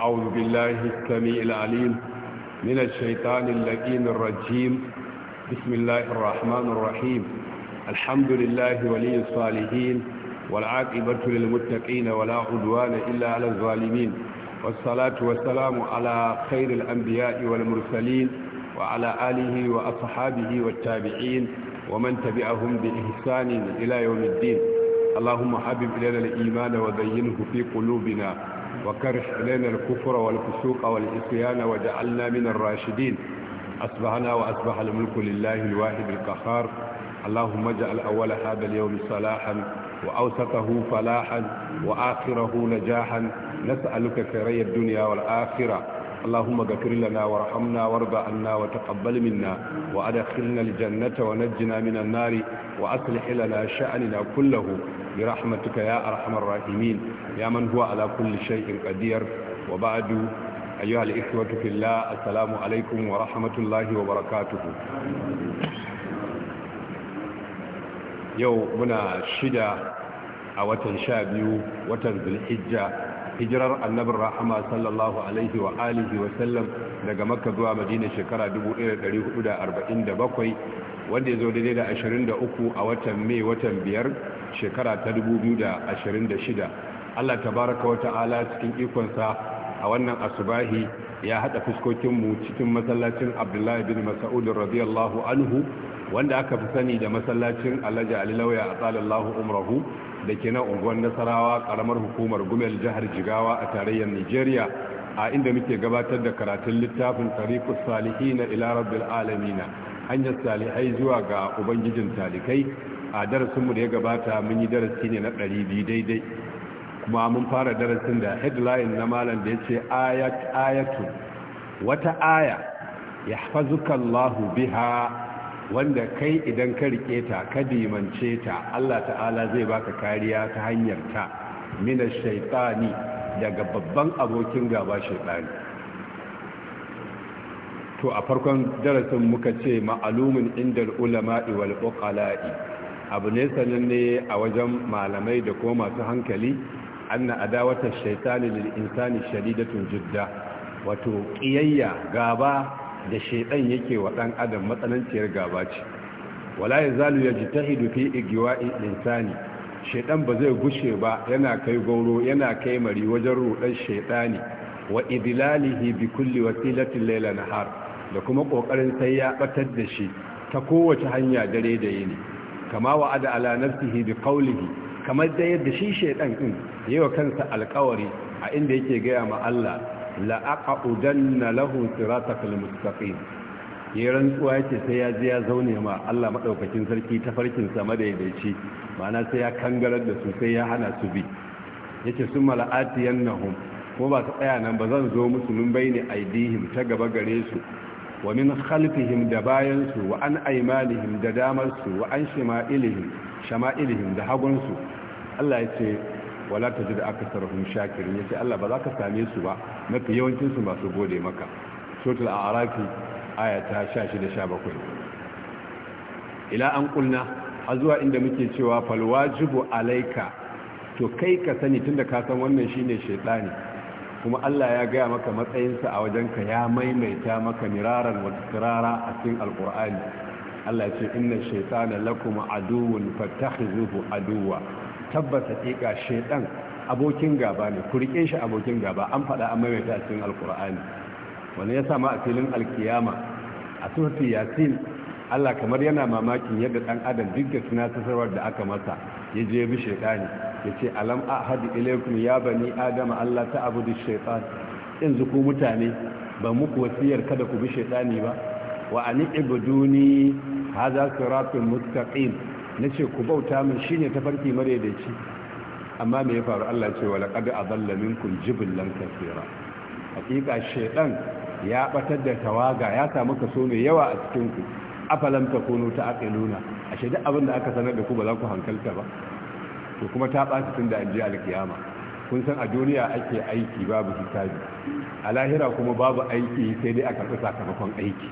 أعوذ بالله السميع العليم من الشيطان اللئيم الرجيم بسم الله الرحمن الرحيم الحمد لله ولي الصالحين والعاقبة للمتقين ولا عدوان إلا على الظالمين والصلاة والسلام على خير الأنبياء والمرسلين وعلى آله وأصحابه والتابعين ومن تبعهم بإحسان إلى يوم الدين اللهم حبب إلينا الإيمان وبينه في قلوبنا وكره إلينا الكفر والفسوق والإسيان وجعلنا من الراشدين أصبحنا وأصبح الملك لله الواحد القهار اللهم اجعل أول هذا اليوم صلاحا وأوسطه فلاحا وآخره نجاحا نسألك خيري الدنيا والآخرة اللهم اغفر لنا وارحمنا وارض عنا وتقبل منا وادخلنا الجنة ونجنا من النار وأصلح لنا شأننا كله برحمتك يا أرحم الراحمين يا من هو على كل شيء قدير وبعد أيها الإخوة في الله السلام عليكم ورحمة الله وبركاته yau muna shida a watan sha biyu watan zulhijja hijirar annabin rahama sallallahu alaihi wa alihi daga makka zuwa madina shekara 1447 wanda ya zo daidai da 23 a watan mai watan biyar shekara ta 2026 allah tabaraka wata ala cikin ikonsa a wannan asubahi ya haɗa fuskokinmu cikin masallacin abdullahi bin mas'ud radiyallahu anhu wanda aka fi sani da masallacin alhaji ali lauya a tsalallahu umrahu da ke nan unguwar nasarawa karamar hukumar gumel jihar jigawa a tarayyar nigeria a inda muke gabatar da karatun littafin tariqus salihi ila rabbil alamina hanyar salihai zuwa ga ubangijin talikai a darasinmu da ya gabata mun yi darasi ne na biyu daidai kuma mun fara darasin da headline na malam da ya ce ayatu wata aya ya biha wanda kai idan ka rike ta ka dimance ta Allah ta'ala zai baka kariya ta hanyar ta mina shaitani daga babban abokin gaba shaitani to a farkon darasin muka ce ma'alumin indal ulama'i wal uqala'i abu ne sananne a wajen malamai da kuma masu hankali anna adawata shaitani lil insani shadidatun jidda wato kiyayya gaba da shaidan yake wa ɗan adam matsananciyar gaba ce wala yazalu yajtahidu fi igwa'i insani shaidan ba zai gushe ba yana kai gauro yana kai mari wajen rudan shaidani wa idlalihi bi kulli wasilatin layla nahar da kuma kokarin sai ya batar da shi ta kowace hanya dare da yini kama ada ala nafsihi bi qawlihi kamar da yadda shi shaidan din wa kansa alƙawari a inda yake gaya ma Allah la'aqudanna lahu siratal mustaqim ya rantsuwa yake sai ya je ya zaune ma Allah madaukakin sarki ta farkin sa madaidaici ma'ana sai ya kangarar da su sai ya hana su bi yace summa la'atiyannahum kuma ba su tsaya nan ba zan zo musu min bayni aidihim ta gaba gare su wa min khalfihim da bayansu wa an aimanihim da su, wa an shama'ilihim shama'ilihim da hagunsu Allah ya ce wala ta ji da aka sarrafin shakirin ya ce Allah ba za ka same su ba mafi yawancinsu masu gode maka shotul a arafi aya ta sha shida sha bakwai ila an kulna a zuwa inda muke cewa falwajibu alaika to kai ka sani tunda ka san wannan shine shaitani kuma Allah ya gaya maka matsayinsa a wajenka ya maimaita maka miraran wa tsirara a cikin alkur'ani Allah ya ce inna shaitana lakum aduwwun fattakhizuhu aduwwa tabbata ƙiƙa shaiɗan abokin gaba ne ku riƙe shi abokin gaba an faɗa an maimaita a cikin alkur'ani wani ya sama a filin alkiyama a surtu yasin Allah kamar yana mamakin yadda ɗan adam duk da tunatarwar da aka masa ya je bi ya ce alam a hadi ilaikun ya bani adama Allah ta da shaiɗan yanzu ku mutane ba muku wasiyar kada ku bi shaiɗani ba wa an ibuduni hadha siratun mustaqim na ce ku bauta min shi ne tafarki madaidaici amma me faru Allah ce wa laqad adalla jibin jibillan kaseera hakika shaiɗan ya batar da tawaga ya samu kaso mai yawa a cikin ku afalam takunu nuna a shaidan abin da aka sanar da ku ba za ku hankalta ba to kuma ta ɓaci tun da an ji alkiyama kun san a duniya ake aiki babu hisabi a lahira kuma babu aiki sai dai a karɓi sakamakon aiki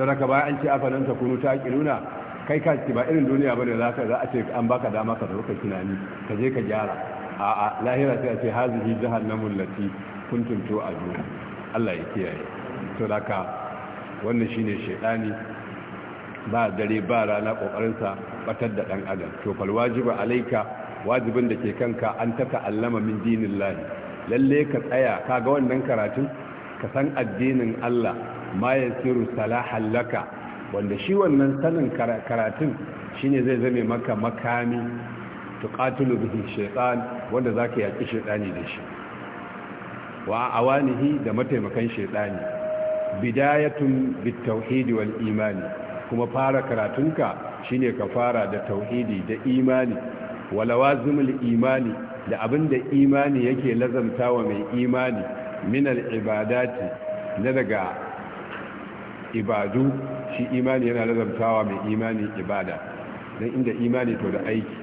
sadaka bayan an ce afalan takunu nuna? kai ka ce ba irin duniya bane za ka za a ce an baka dama ka ka tunani ka je ka gyara a a lahira sai a ce hazihi jahannamul lati kuntum tu'adun Allah ya kiyaye to daga wannan shine shedani ba dare ba rana kokarin sa batar da dan adam to fal wajibu alayka wajibin da ke kanka an taka ta'allama min dinillah lalle ka tsaya kaga wannan karatun ka san addinin Allah ma yasiru salahan laka wanda shi wannan sanin karatun shine zai zame maka makami tuqatulu bihi shaytan wanda zaka yaki shaytani da shi wa awanihi da mataimakan shaytani bidayatun bitauhid wal imani kuma fara karatunka shine ka fara da tauhidi da imani walawazimul imani da abin da imani yake lazamtawa mai imani minal ibadati na daga ibadu shi imani yana lazamtawa mai imani ibada don inda imani to da aiki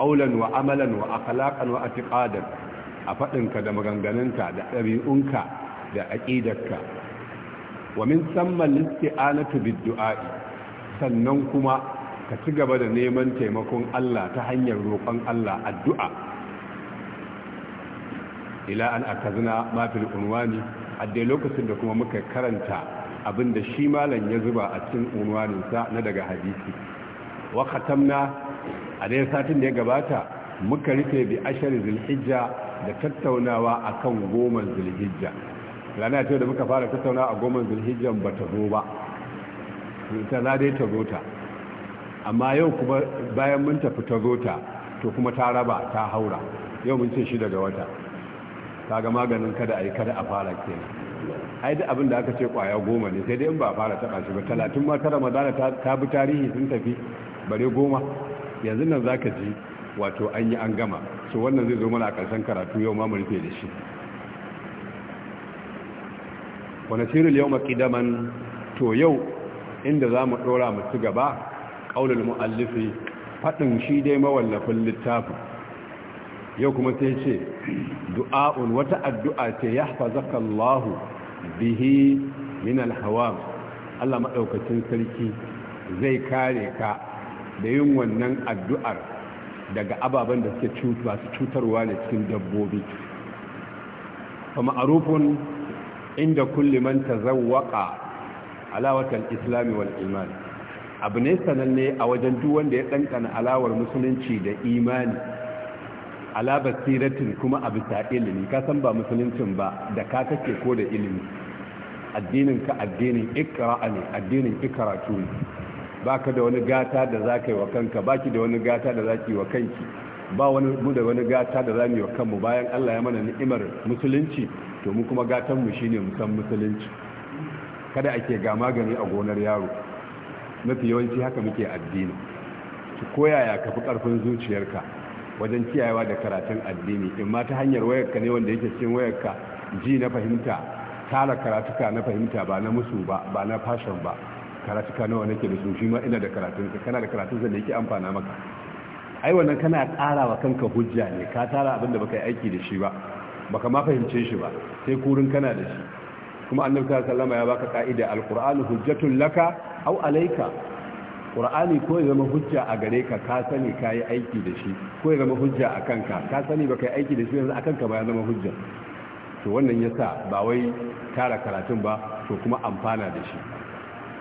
aulan wa amalan wa akhlaqan wa atiqadan a fadinka da maganganunka da ɗabi'unka da aqidarka wa min samma listi'anatu bid-du'a sannan kuma ka ci gaba da neman taimakon Allah ta hanyar roƙon Allah addu'a ila an akazna ma fil unwani a lokacin da kuma muka karanta abinda shi malam ya zuba a cikin unwaninsa na daga hadisi wa khatamna a dai satin da ya gabata muka rufe bi ashar zulhijja da tattaunawa akan goma zulhijja rana ta da muka fara tattauna a goma zulhijja ba ta zo ba ta za dai ta zo ta amma yau kuma bayan mun tafi ta zo ta to kuma ta raba ta haura yau mun ce shi daga wata ka ga maganin kada a yi kada a fara kenan ai da abin da aka ce kwaya goma ne sai dai in ba a fara taɓa shi ba talatin ma ta ramadana ta bi tarihi sun tafi bare goma yanzu nan za ka ji wato an yi an gama so wannan zai zo mana a ƙarshen karatu yau ma mu rufe da shi wani sirri yau maƙidaman to yau inda za mu ɗora mu ci gaba ƙaunar mu'allifi faɗin shi dai mawallafin littafin yau kuma sai ce du'a'un wata addu'a ce ya hafazaka Allah bihi min alhawam Allah maɗaukacin sarki zai kare ka da yin wannan addu'ar daga ababen da suke cutuwa su cutarwa ne cikin dabbobi fa ma'arufun inda kulli zan waƙa alawatan islami wal iman abu ne sananne a wajen duk wanda ya ɗanƙana alawar musulunci da imani ala basiratin kuma a bisa ilimi ka san ba musuluncin ba da ka kake ko da ilimi addinin ka addinin ikra'a ne addinin ikaratu ne baka da wani gata da za ka yi wa kanka baki da wani gata da za ki yi wa kanki ba wani mu da wani gata da za mu yi wa kanmu bayan Allah ya mana ni'imar musulunci to mu kuma gatan mu shine mu san musulunci kada ake ga magani a gonar yaro mafi yawanci haka muke addini ki koyaya ka fi karfin zuciyarka wajen kiyayewa da karatun addini in ma ta hanyar wayarka ne wanda yake cikin wayarka ji na fahimta tara karatuka na fahimta ba na musu ba ba na fashon ba karatuka nawa nake da su shi ma ina da karatun ka kana da karatun da yake amfana maka ai wannan kana ƙara wa kanka hujja ne ka tara abin da baka yi aiki da shi ba baka ma fahimce shi ba sai kurin kana da shi kuma annabi sallallahu alaihi wasallam ya baka ka'ida alqur'anu hujjatul laka aw alayka qur'ani ko ya zama hujja a gare ka ka sani ka yi aiki da shi ko ya zama hujja a kanka ka sani ba ka yi aiki da shi yanzu a kanka ba ya zama hujja to wannan ya sa ba wai tara karatun ba to kuma amfana da shi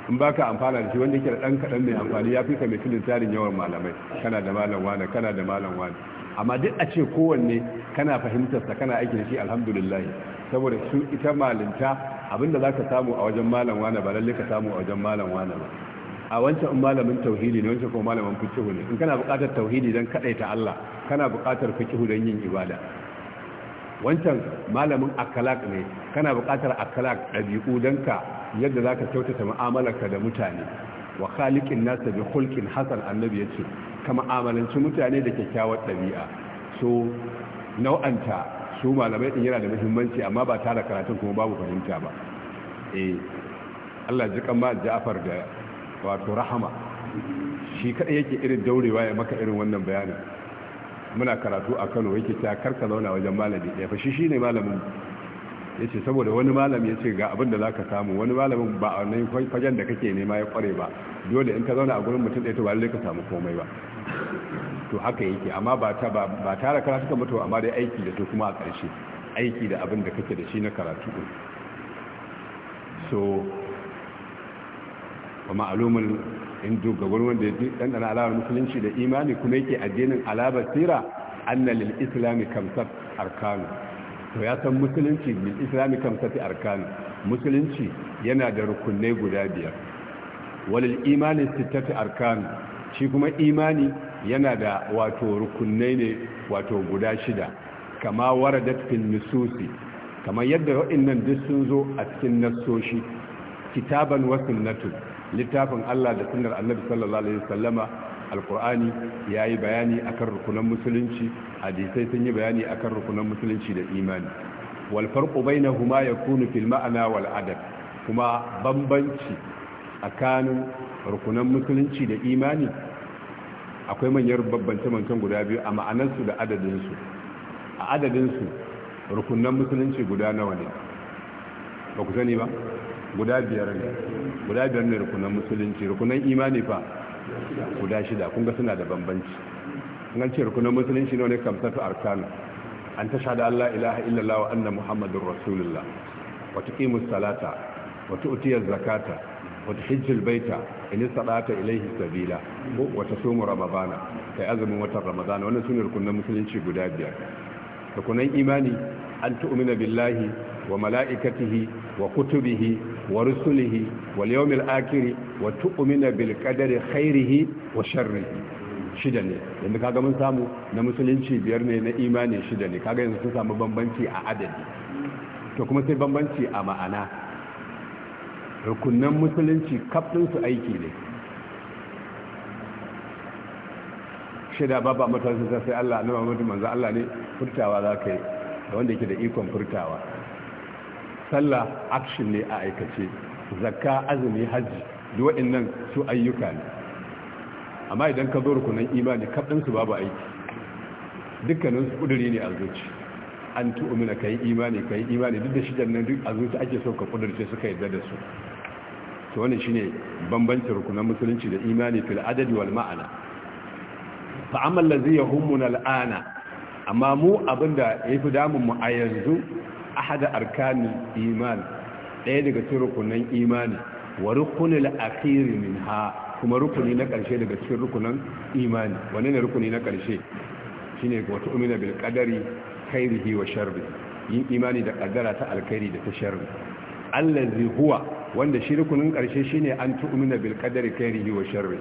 in ba ka amfana da shi wanda yake da ɗan kaɗan mai amfani ya fi ka mai filin tarin yawan malamai kana da malam wani kana da malam wani amma duk a ce kowanne kana fahimtarsa kana aiki da shi alhamdulillah saboda su ita malinta abinda za ka samu a wajen malam wani ba lallai ka samu a wajen malam wani ba a wancan malamin tauhidi ne wancan kuma malamin fikihu ne in kana buƙatar tauhidi don kaɗaita Allah kana buƙatar fikihu don yin ibada wancan malamin akalak ne kana buƙatar akalak ɗabi'u don ka yadda za ka kyautata mu'amalarka da mutane wa khaliqin nasa bi khulqin hasan annabi yace ka ma'amalanci mutane da kyakkyawar ɗabi'a so nau'anta su malamai din yana da muhimmanci amma ba tare karatun kuma babu fahimta ba eh Allah ji kan ma Ja'far da wato rahama shi kaɗai yake irin daurewa ya maka irin wannan bayanin muna karatu a kano yake ta karka zauna wajen malami ɗaya fashi shi ne malamin ya ce saboda wani malami ya ce ga abin da za ka samu wani malamin ba a wani fajen da kake nema ya kware ba dole in ka zauna a gurin mutum ɗaya to ba ka samu komai ba to haka yake amma ba ta ba tara karatu ka mutu amma dai aiki da to kuma a ƙarshe aiki da abin da kake da shi na karatu so fa ma'lumun in ga gurin wanda yake dan alawar musulunci da imani kuma yake addinin alabar sira anna lil islam kamsat arkan to ya san musulunci lil islam kamsat arkan musulunci yana da rukunai guda biyar walil imani sittati arkan shi kuma imani yana da wato rukunai ne wato guda shida kama waradat fil nususi kamar yadda wa'annan duk sun zo a cikin nasoshi, kitaban wa sunnatun littafin Allah da sunar annabi sallallahu alaihi wasallama alqur'ani ya yi bayani akan rukunan musulunci hadisai sun yi bayani akan rukunan musulunci da imani wal farqu bainahuma yakunu fil ma'na wal adab kuma bambanci tsakanin rukunan musulunci da imani akwai manyan babbance mankan guda biyu a ma'anarsu da adadinsu a adadinsu rukunan musulunci guda nawa ne ba ku sani ba guda biyar ne guda biyar ne rukunan musulunci rukunan imani fa guda shida kun ga suna da bambanci an ce rukunan musulunci ne wani Kamsatu, arkanu an ta shahada Allah ilaha illallah wa anna muhammadur rasulullah wa tuqimus salata wa tu'tiyaz zakata wa tuhijjul baita in istata ilayhi sabila wata sumu ramadana kai azumin wata ramadana wannan sunan rukunan musulunci guda biyar rukunan imani an tu'mina billahi wa mala'ikatihi wa kutubihi wa rusulihi بالقدر خيره akhir wa wa shida ne yanzu kaga mun samu na musulunci biyar ne na imani shida ne kaga yanzu sun samu bambanci a adadi to kuma sai bambanci a ma'ana rukunan musulunci kafin su aiki ne shida babu matasin sai Allah na Muhammadu manzo Allah ne furtawa za ka yi da wanda yake da ikon furtawa sallah action ne a aikace zakka azumi hajji duk waɗannan su ayyuka ne amma idan ka zo rukunan imani kaɗan su babu aiki dukkanin su kuduri ne a zuci an tu'umina ka yi imani ka imani duk da shidan nan duk a zuci ake so ka ƙudurce suka yarda da su to wannan shine bambancin rukunan musulunci da imani fil adadi wal ma'ana fa amma allazi yahummuna al'ana amma mu abinda yafi damun mu a yanzu ahada arkanin iman. ɗaya daga cikin rukunan imani wa rukuni la'akiri akhiri ha. kuma rukuni na ƙarshe daga cikin rukunan imani wanne ne rukuni na ƙarshe shi ne wata tu'minu bil qadari khairihi wa sharri yin imani da kaddara ta alkhairi da ta sharri allazi huwa wanda shi rukunin ƙarshe shi ne an tu'minu bil qadari khairihi wa sharri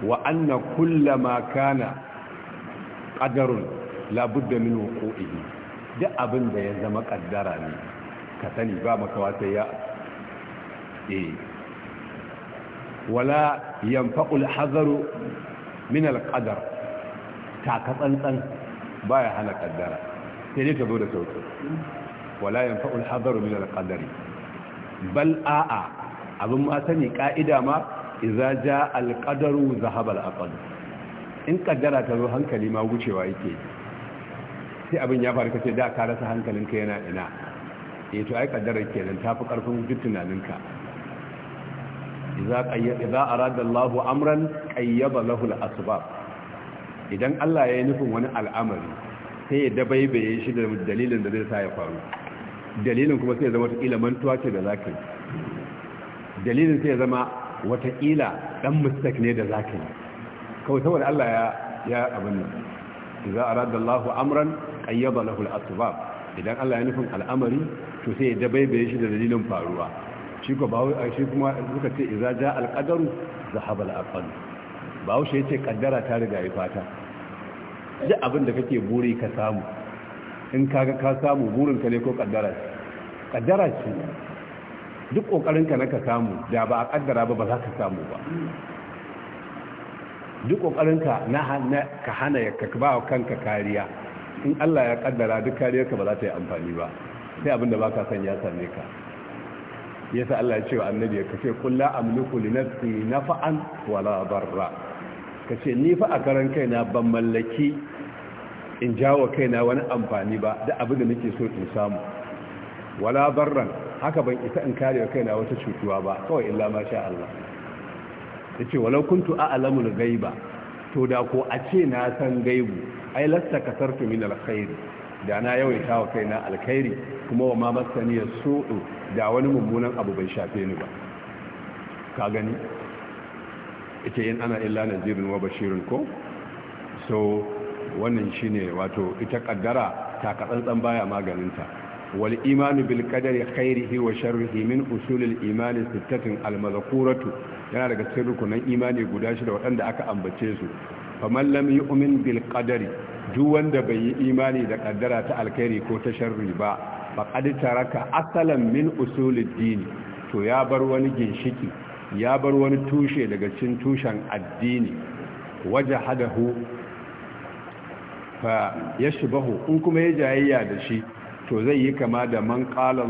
wa anna kullama kana ƙadarun, la budda min wuqu'ihi duk abin da ya zama kaddara ne ka sani ba makawa sai ya e wala yanfa'ul hazaru min alqadar ta ka tsantsan baya hana kaddara sai dai ka zo da sauki wala yanfa'ul hazaru min alqadari bal a'a abin ma sani ka'ida ma idza jaa alqadaru zahaba alaqad in kaddara ta zo hankali ma gucewa yake sai abin ya faru kace da ka rasa hankalinka yana ina eh to ai kaddarar kenan tafi karfin jittunaninka tunaninka idza qayyada idza arada Allahu amran qayyaba lahu al-asbab idan Allah ya yi nufin wani al'amari sai ya dabaibaye shi da dalilin da zai sa ya faru dalilin kuma sai ya zama wata mantuwa ce da zaka yi dalilin sai ya zama wata dan mistake ne da zaka yi kawai saboda Allah ya ya abin nan idza arada Allahu amran qayyada lahu al-asbab idan Allah ya nufin al'amari to sai ya dabaibaye shi da dalilin faruwa shi ko ba wai shi kuma suka ce idza ja al-qadaru zahaba al-aqal ba wai yace kaddara ta riga ya fata duk abin da kake buri ka samu in kaga ka samu burin ka ne ko kaddara ce kaddara ce duk kokarin ka na ka samu da ba a kaddara ba ba za ka samu ba duk ƙoƙarinka na ka hana ya ba kanka kariya in Allah ya kaddara duk kariyarka ba za ta yi amfani ba sai abin da baka son ya same ka yasa Allah ya ce wa annabi ka ce qul la amliku li nafsi nafa'an wala darra ka ni fa a karan kaina ban mallaki in jawo kaina wani amfani ba da abin da nake so in samu wala darran haka ban isa in kare kaina wata cutuwa ba kawai illa ma sha Allah yace walau kuntu a'lamul ghaiba to da ko a ce na san gaibu ai lasta kasartu min alkhair da na yawaita wa kaina alkhairi kuma wa ma masani su'u da wani mummunan abu bai shafe ni ba ka gani ita yin ana illa nazirun wa bashirin ko so wannan shine wato ita kaddara ta katsantsan baya maganinta wal imanu bil qadari khairihi wa sharrihi min usul al sittatin al yana daga cikin rukunan imani guda shida waɗanda aka ambace su faman lam yu'min bil qadari duk wanda bai yi imani da kaddara ta alkhairi ko ta sharri ba faqad taraka asalan min usul dini to ya bar wani ginshiki ya bar wani tushe daga cikin tushen addini wajahadahu fa yashbahu in kuma ya jayayya da shi to zai yi kama da man qala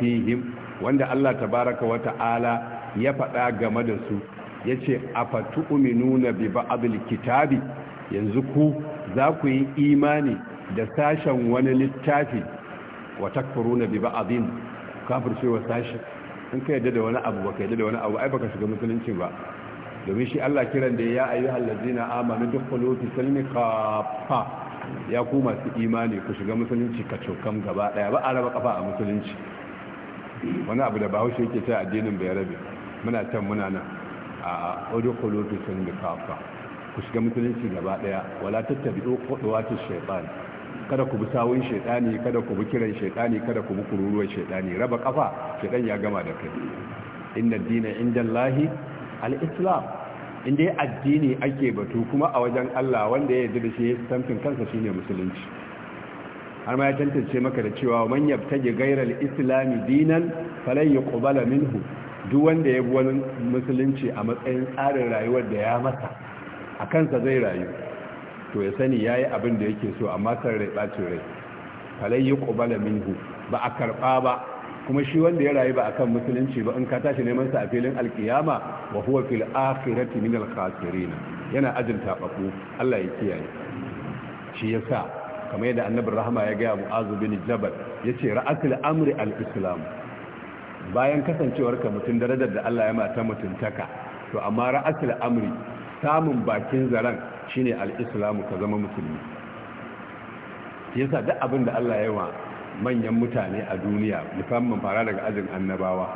fihim wanda Allah tabaraka wa ta'ala ya faɗa game da su yace afatu'minuna bi ba'dil kitabi yanzu ku za ku yi imani da sashen wani littafi wa takfuruna bi ba'din kafircewa sashen in ka yadda da wani abu baka yadda da wani abu ai baka shiga musulunci ba domin shi Allah kiran da ya ayyuhal Amani, amanu dukhulu fi silmi kaffa ya ku masu imani ku shiga musulunci ka cokam gaba daya ba a raba kafa a musulunci wani abu da bahaushe yake ta addinin bai rabe muna can muna nan a ojo sun da kafa ku shiga musulunci gaba daya wala tattabi kodowatin shaytan kada ku bi sawun shaiɗani kada ku bi kiran shaiɗani kada ku bi kururuwar shaytani raba kafa shaytan ya gama da kai inna dina al-islam inda ya addini ake batu kuma a wajen Allah wanda ya yarda da shi kansa shine musulunci har ma ya tantance maka da cewa man yabtaji gairar islami dinan falan yuqbala minhu duk wanda ya bi wani musulunci a matsayin tsarin rayuwar da ya masa a kansa zai rayu to ya sani yayi abin da yake so amma san rai ce rai falan yuqbala minhu ba a karba ba kuma shi wanda ya rayu ba akan musulunci ba in ka tashi neman sa a filin alkiyama wa huwa fil akhirati min al khasirin yana ajin tabaku Allah ya kiyaye shi yasa kamar yadda annabi Rahma ya ga mu'azu bin jabal yace ra'atul amri al islam bayan kasancewar ka mutun darajar da Allah ya mata mutuntaka to amma ra'atul amri samun bakin zaran shine al islamu ka zama musulmi yasa duk abin da Allah ya yi wa manyan mutane a duniya musamman fara daga ajin annabawa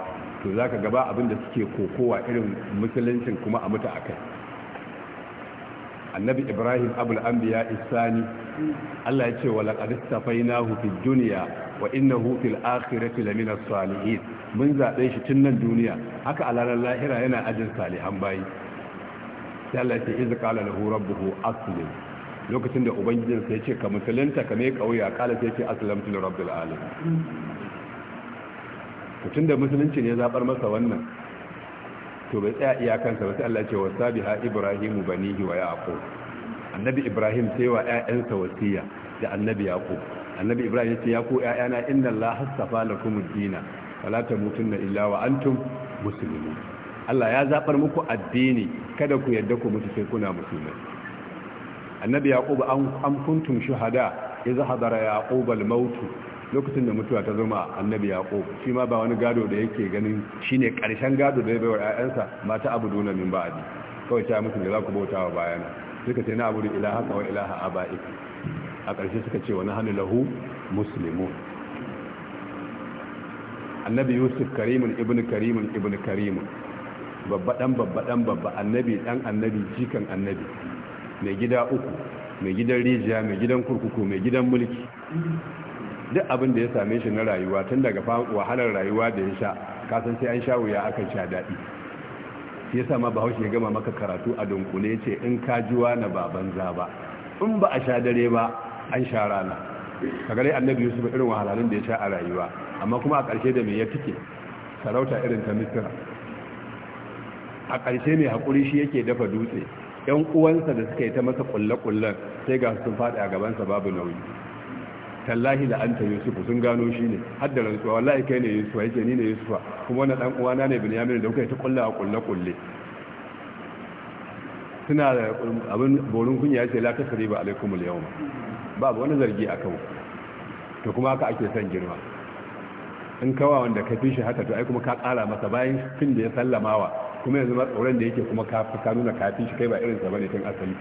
to za ka gaba abinda suke kokowa irin musuluncin kuma a mutu a kai annabi ibrahim abul anbiya isani allah ya ce wa fai na fid dunya wa innahu fil akhirati lamina salihin mun zabe shi tun nan duniya haka a lahira yana ajin salihan bayi sai ya iz qala lahu rabbuhu aslim lokacin da ubangijin sai ce ka musulunta ka mai kauya kala sai ce aslamtu li rabbil alamin to da musulunci ne zabar masa wannan to bai tsaya iyakansa ba sai Allah ce wasabiha ibrahimu banihi wa yaqub annabi ibrahim sai wa ƴaƴansa wasiya da annabi yaqub annabi ibrahim yace ya ku ƴaƴana inna allaha astafa lakum ad-dina fala tamutunna illa wa antum muslimun Allah ya zabar muku addini kada ku yadda ku mutu sai kuna musulmai annabi yaqub an kuntum shuhada idza hadara yaqub al-maut lokacin da mutuwa ta zama annabi yaqub shi ma ba wani gado da yake ganin shine karshen gado da ya bayar ayyansa mata abuduna min ba'di kawai ta mutum da za ku bautawa bayana suka ce na abudu ilaha wa ilaha aba'ik a karshe suka ce wani hannu lahu muslimun annabi yusuf karimun ibnu karimun ibn karimin babba dan babba dan babba annabi dan annabi jikan annabi mai gida uku mai gidan rijiya mai gidan kurkuku mai gidan mulki duk abin da ya same shi na rayuwa tun daga wahalar rayuwa da ya sha kasan sai an sha wuya aka sha daɗi ya sa ma bahaushe ya gama maka karatu a dunkule ce in ka juwa na baban za ba in ba a sha dare ba an sha rana kaga dai annabi yusuf irin wahalalun da ya sha a rayuwa amma kuma a ƙarshe da me ya tike sarauta irin ta misira a ƙarshe mai hakuri shi yake dafa dutse yan uwansa da suka yi ta masa kullakullan sai ga sun faɗi a gabansa babu nauyi tallahi da anta Yusuf sun gano shi ne har da rantsuwa wallahi kai ne yusufa yake ni ne yusufa kuma wani dan uwana ne binyamin da kuka yi ta kulla a kulle suna da abin borin kunya ce la tasriba alaikum yawma babu wani zargi akan ku to kuma haka ake son girma in kawa wanda ka fi shi haka to ai kuma ka kara masa bayan fin da ya sallamawa kuma yanzu ma tsoron da yake kuma kafi ka nuna kafin shi kai ba irin sa bane tun asali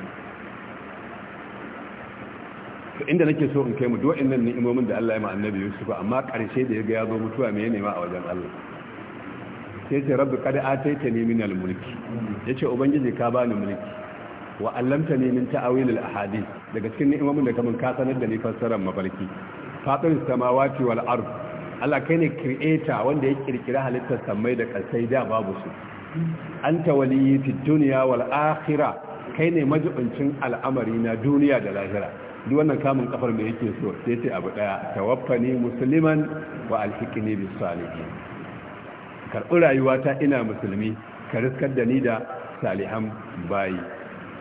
to inda nake so in kai mu duk innan imomin da Allah ya ma annabi Yusuf amma karshe da yaga ya zo mutuwa mai ya ma a wajen Allah sai ce rabbi qad ataitani min al-mulki yace ubangiji ka bani mulki wa allamtani min ta'awil al-ahadith daga cikin imomin da kaman ka sanar da ni fassarar mafarki fatir samawati wal ard Allah kai ne creator wanda ya kirkira halittar sammai da kasai da babu su anta waliyyi fid dunya wal akhirah kai ne majibincin al'amari na duniya da lahira duk wannan kamun kafar me yake so sai ce abu daya tawaffani musliman wa alhiqni bis salihin rayuwa rayuwata ina musulmi ka riskar da ni da salihan bayi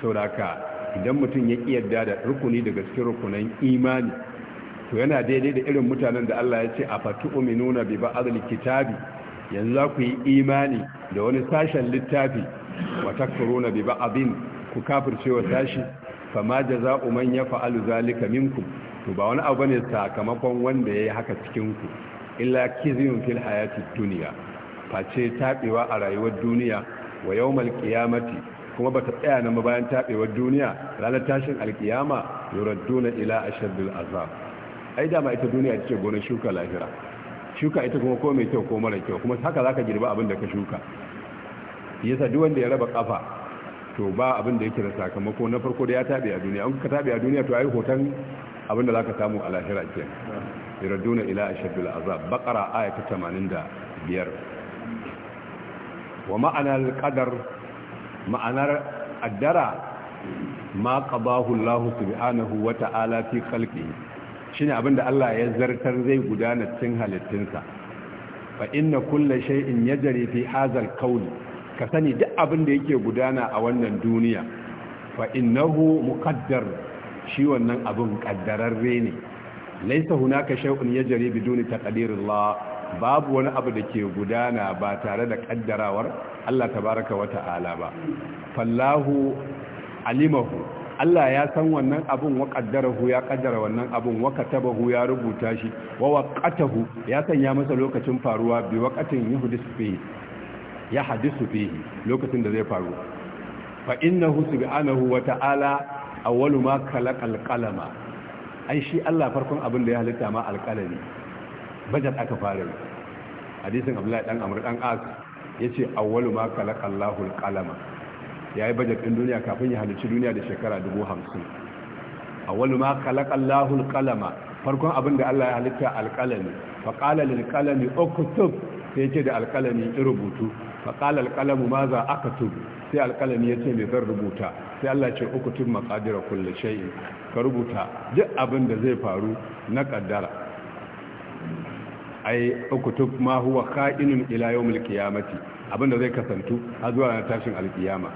sauraka idan mutum ya kiyarda da rukuni daga cikin rukunan imani to yana daidai da irin mutanen da Allah ya ce a fatu uminuna bi ba'dil kitabi yanzu za ku yi imani da wani sashen littafi wa takfuruna bi abin ku kafirce wa sashi fama jaza'u man yaf'alu zalika minkum to ba wani abu ne sakamakon wanda ya yi haka cikin ku illa kizyun fil hayati face taɓewa a rayuwar duniya wa yawmal qiyamati kuma bata tsaya nan bayan tabewar duniya ranar tashin alkiyama na ila ashaddil azab ai da ma ita duniya take gonar shuka lahira shuka ita kuma ko mai kyau ko mara kyau kuma haka zaka girba abin da ka shuka yasa duk wanda ya raba kafa to ba abin da yake da sakamako na farko da ya tabe a duniya an ka tabe a duniya to ai hoton abin da ka samu a lahira kenan iraduna ila ashaddul azab baqara ayat 85 wa ma'anar kadar ma'anar addara ma qabahu Allah subhanahu wa ta'ala fi khalqihi shine abin da Allah ya zartar zai gudana cikin halittunsa fa inna kulla shay'in yajri fi hazal kawn ka sani duk abin da yake gudana a wannan duniya fa innahu muqaddar shi wannan abin kaddararre ne laisa hunaka shay'un yajri biduni taqdirillah babu wani abu da ke gudana ba tare da kaddarawar Allah baraka wa ta'ala ba fallahu alimahu Allah ya san wannan abun wa qaddarahu ya qaddara wannan abun wa katabahu ya rubuta shi wa waqatahu ya sanya masa lokacin faruwa bi waqatin yuhdisu fihi ya hadisu fihi lokacin da zai faru fa innahu subhanahu wa ta'ala awwalu ma khalaqal qalama ai shi Allah farkon abin da ya halitta ma alqalami bajat aka fara hadisin Abdullahi dan Amr dan As yace awwalu ma khalaqallahu alqalama ya yi bajet ɗin duniya kafin ya halici duniya da shekara dubu hamsin a wani ma kalakallahu kalama farkon abin da allah ya halitta alkalami faƙalar alkalami okutub sai ce da alkalami in rubutu faƙalar alƙalami ma za aka tubu sai alkalami ya ce mai zan rubuta sai allah ce okutub maƙadira kulle shayi ka rubuta duk abin da zai faru na ƙaddara ai okutub ma huwa ka'inun ila yawmil abin da zai kasantu har zuwa na tashin alkiyama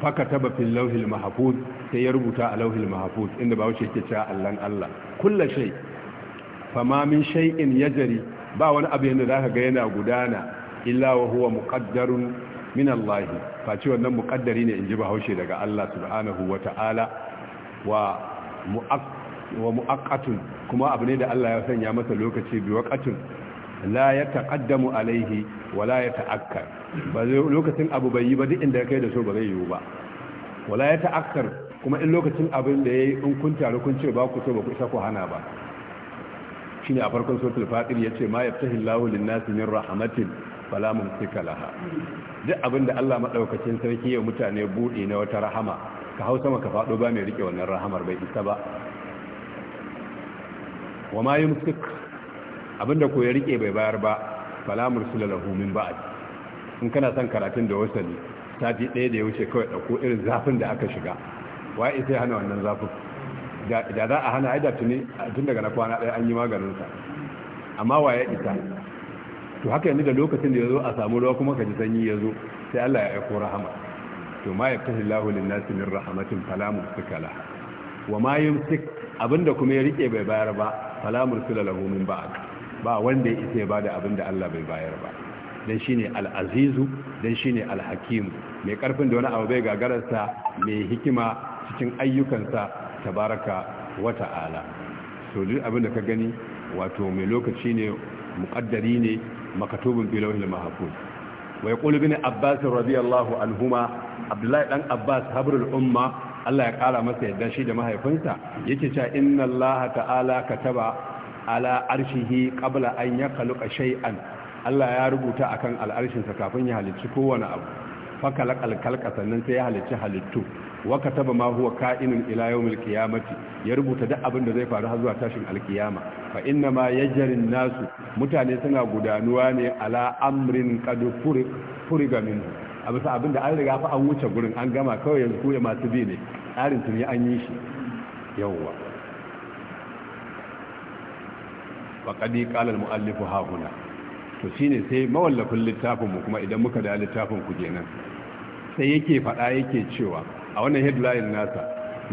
faka taba fil lauhil mahfuz sai ya rubuta a lauhil mahfuz inda ba wuce yake cewa Allah Allah kullu shay ma min shay'in yajri ba wani abu yanda zaka ga yana gudana illa wa huwa muqaddarun min Allah face wannan muqaddari ne inji bahaushe daga Allah subhanahu ta'ala wa mu'aqqatun kuma abu ne da Allah ya sanya masa lokaci bi waqatin la ya taqaddamu alaihi wa la ya ta'akkar ba zai lokacin abu bai yi ba duk inda kai da so ba zai yiwu ba wa la ya ta'akkar kuma in lokacin abin da yi in kun taru kun ce ba ku so ba ku isa ku hana ba shine a farkon suratul fatir yace ma yaftahi Allahu lin-nasi min rahmatin fala mumsika laha duk abin da Allah maɗaukacin sarki ya mutane buɗe na wata rahama ka sama ka fado ba mai rike wannan rahamar bai isa ba wa ma yumsika abinda ko ya rike bai bayar ba fala mursila lahu min ba'd in kana son karatun da wasali sati ɗaya da ya wuce kawai ɗauko irin zafin da aka shiga wai sai hana wannan zafin da za a hana ai da tuni tun daga na kwana ɗaya an yi maganin sa amma ya isa to haka yanzu da lokacin da ya zo a samu ruwa kuma ka ji sanyi ya zo sai Allah ya aiko rahama to ma yaftahi Allahu lin-nasi min rahmatin fala mumsika wa ma yumsik abinda kuma ya rike bai bayar ba fala mursila lahu min ba'd ba wanda ya isa ya bada abin da Allah bai bayar ba dan shine al-azizu dan shine al-hakim mai ƙarfin da wani abu bai gagararsa mai hikima cikin ayyukansa tabaraka wa ta'ala so duk abin da ka gani wato mai lokaci ne muqaddari ne makatubun fi lawhil mahfuz wa yaqulu bin abbas radiyallahu anhuma abdullahi dan abbas habrul umma Allah ya kara masa yadda shi da mahaifinsa yake cewa inna laha ta'ala kataba ala arshihi qabla an yakhluqa shay'an Allah ya rubuta akan al'arshinsa kafin ya halicci kowane abu fa kalqal alkalka sannan sai ya halicci halittu wa kataba ma huwa ka'inun ila yawmil qiyamati ya rubuta duk abin da zai faru har zuwa tashin alkiyama fa inna ma an nasu mutane suna gudanuwa ne ala amrin qad furiga minhu a an riga fa an wuce gurin an gama kawai yanzu ko masu bi ne tsarin tuni an yi shi yawwa wa ƙalar muallifu ha To shi ne sai mawallafin littafinmu kuma idan muka da littafin ku kenan sai yake faɗa yake cewa a wannan headline nasa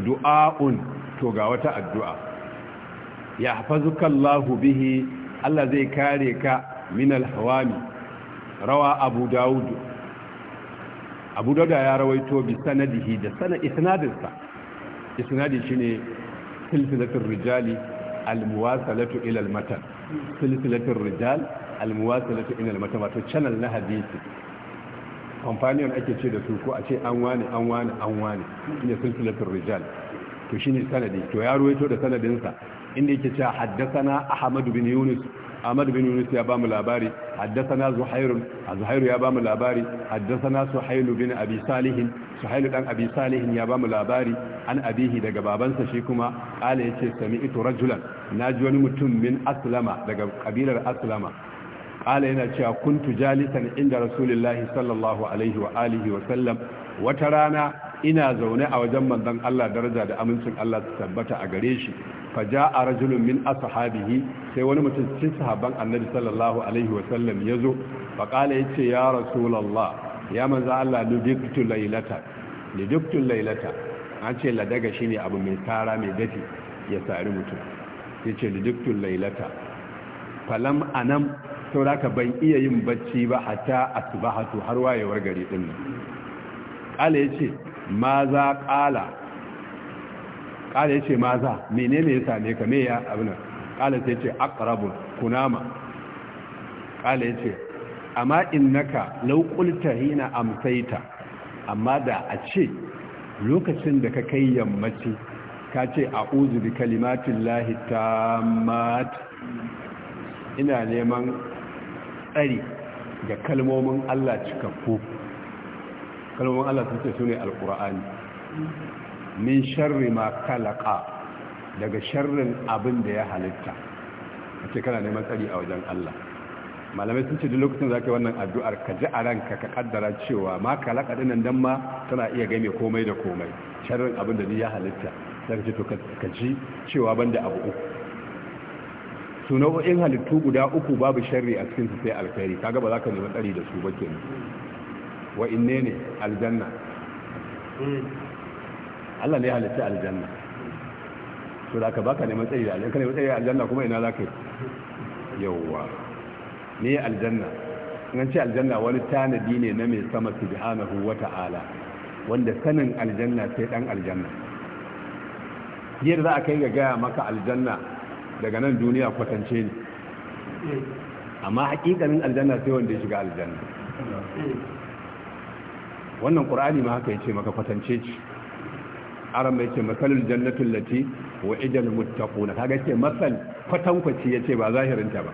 du'aun to ga wata addu'a ya Lahu bihi Allah zai kare ka min al-hawami rawa abu daud abu dauda ya rawaito bi sanadihi da sana isnadinsa isnadi shine silsilatul rijali almuwasalatu ila almatan silsilatul rijal almuwasalatu ila almatan wato channel na hadisi companion ake ce da su ko a ce an wani an wani an wani shine silsilatul rijal to shine sanadi to ya ruwaito da sanadin sa inda yake cewa haddathana ahmad bin yunus ahmad bin yunus ya ba mu labari haddathana zuhair Zuhairu ya ba mu labari haddathana suhail bin abi salihin suhailu dan abi salihin ya bamu labari an abihi daga babansa shi kuma qala yace sami'tu rajulan ji wani mutum min aslama daga kabilar aslama qala yana cewa kuntu jalisan inda rasulullahi sallallahu alaihi wa alihi wa sallam wata rana ina zaune a wajen manzon Allah daraja da amincin Allah ta tabbata a gare shi faja a rajulun min ashabihi sai wani mutum cikin sahabban annabi sallallahu alaihi wa sallam yazo faqala yace ya rasulullah ya manzo Allah ludiktu lailata, ludiktu lailata. an ce ladaga shine abu mai tara mai dafi ya sari mutum ce ludiktu lailata falam anam sauraka ban iya yin bacci ba hatta asbahatu har wayewar gari din nan kala yace ma za kala kala yace ma za menene ya same ka me ya abuna kala sai yace aqrabun kunama ya yace amma innaka naka qulta hina amsaita, amma da a ce lokacin da ka kai yammaci ka ce a a'udhu bi kalimatillahi tammat ina neman tsari ga kalmomin Allah cikakku kalmomin Allah sun ce sune alkur'ani min sharri ma kalaka daga sharrin abin da ya halitta a ce kana neman tsari a wajen Allah malamai sun ce duk lokacin za yi wannan addu'ar ka ji a ranka ka kaddara cewa ma kalaka dinan dan ma tana iya mai komai da komai sharrin abin da ni ya halitta sai ka ce to ka ji cewa banda abu uku su nau'o'in halittu guda uku babu sharri a cikin su sai alkhairi kaga ba za ka nemi tsari da su ba kenan wa inne ne aljanna Allah ne halitta aljanna to da ka baka neman tsari da aljanna kuma ina za ka yi yawwa ne aljanna an ce aljanna wani tanadi ne na mai sama subhanahu wata'ala wanda sanin aljanna sai dan aljanna yadda za a kai ga gaya maka aljanna daga nan duniya kwatance ne amma hakikanin aljanna sai wanda ya shiga aljanna wannan qur'ani ma haka yace maka kwatance ce aran mai ce masalul jannatul lati wa'idal muttaquna kaga ce masal kwatankwaci ya ce ba zahirinta ba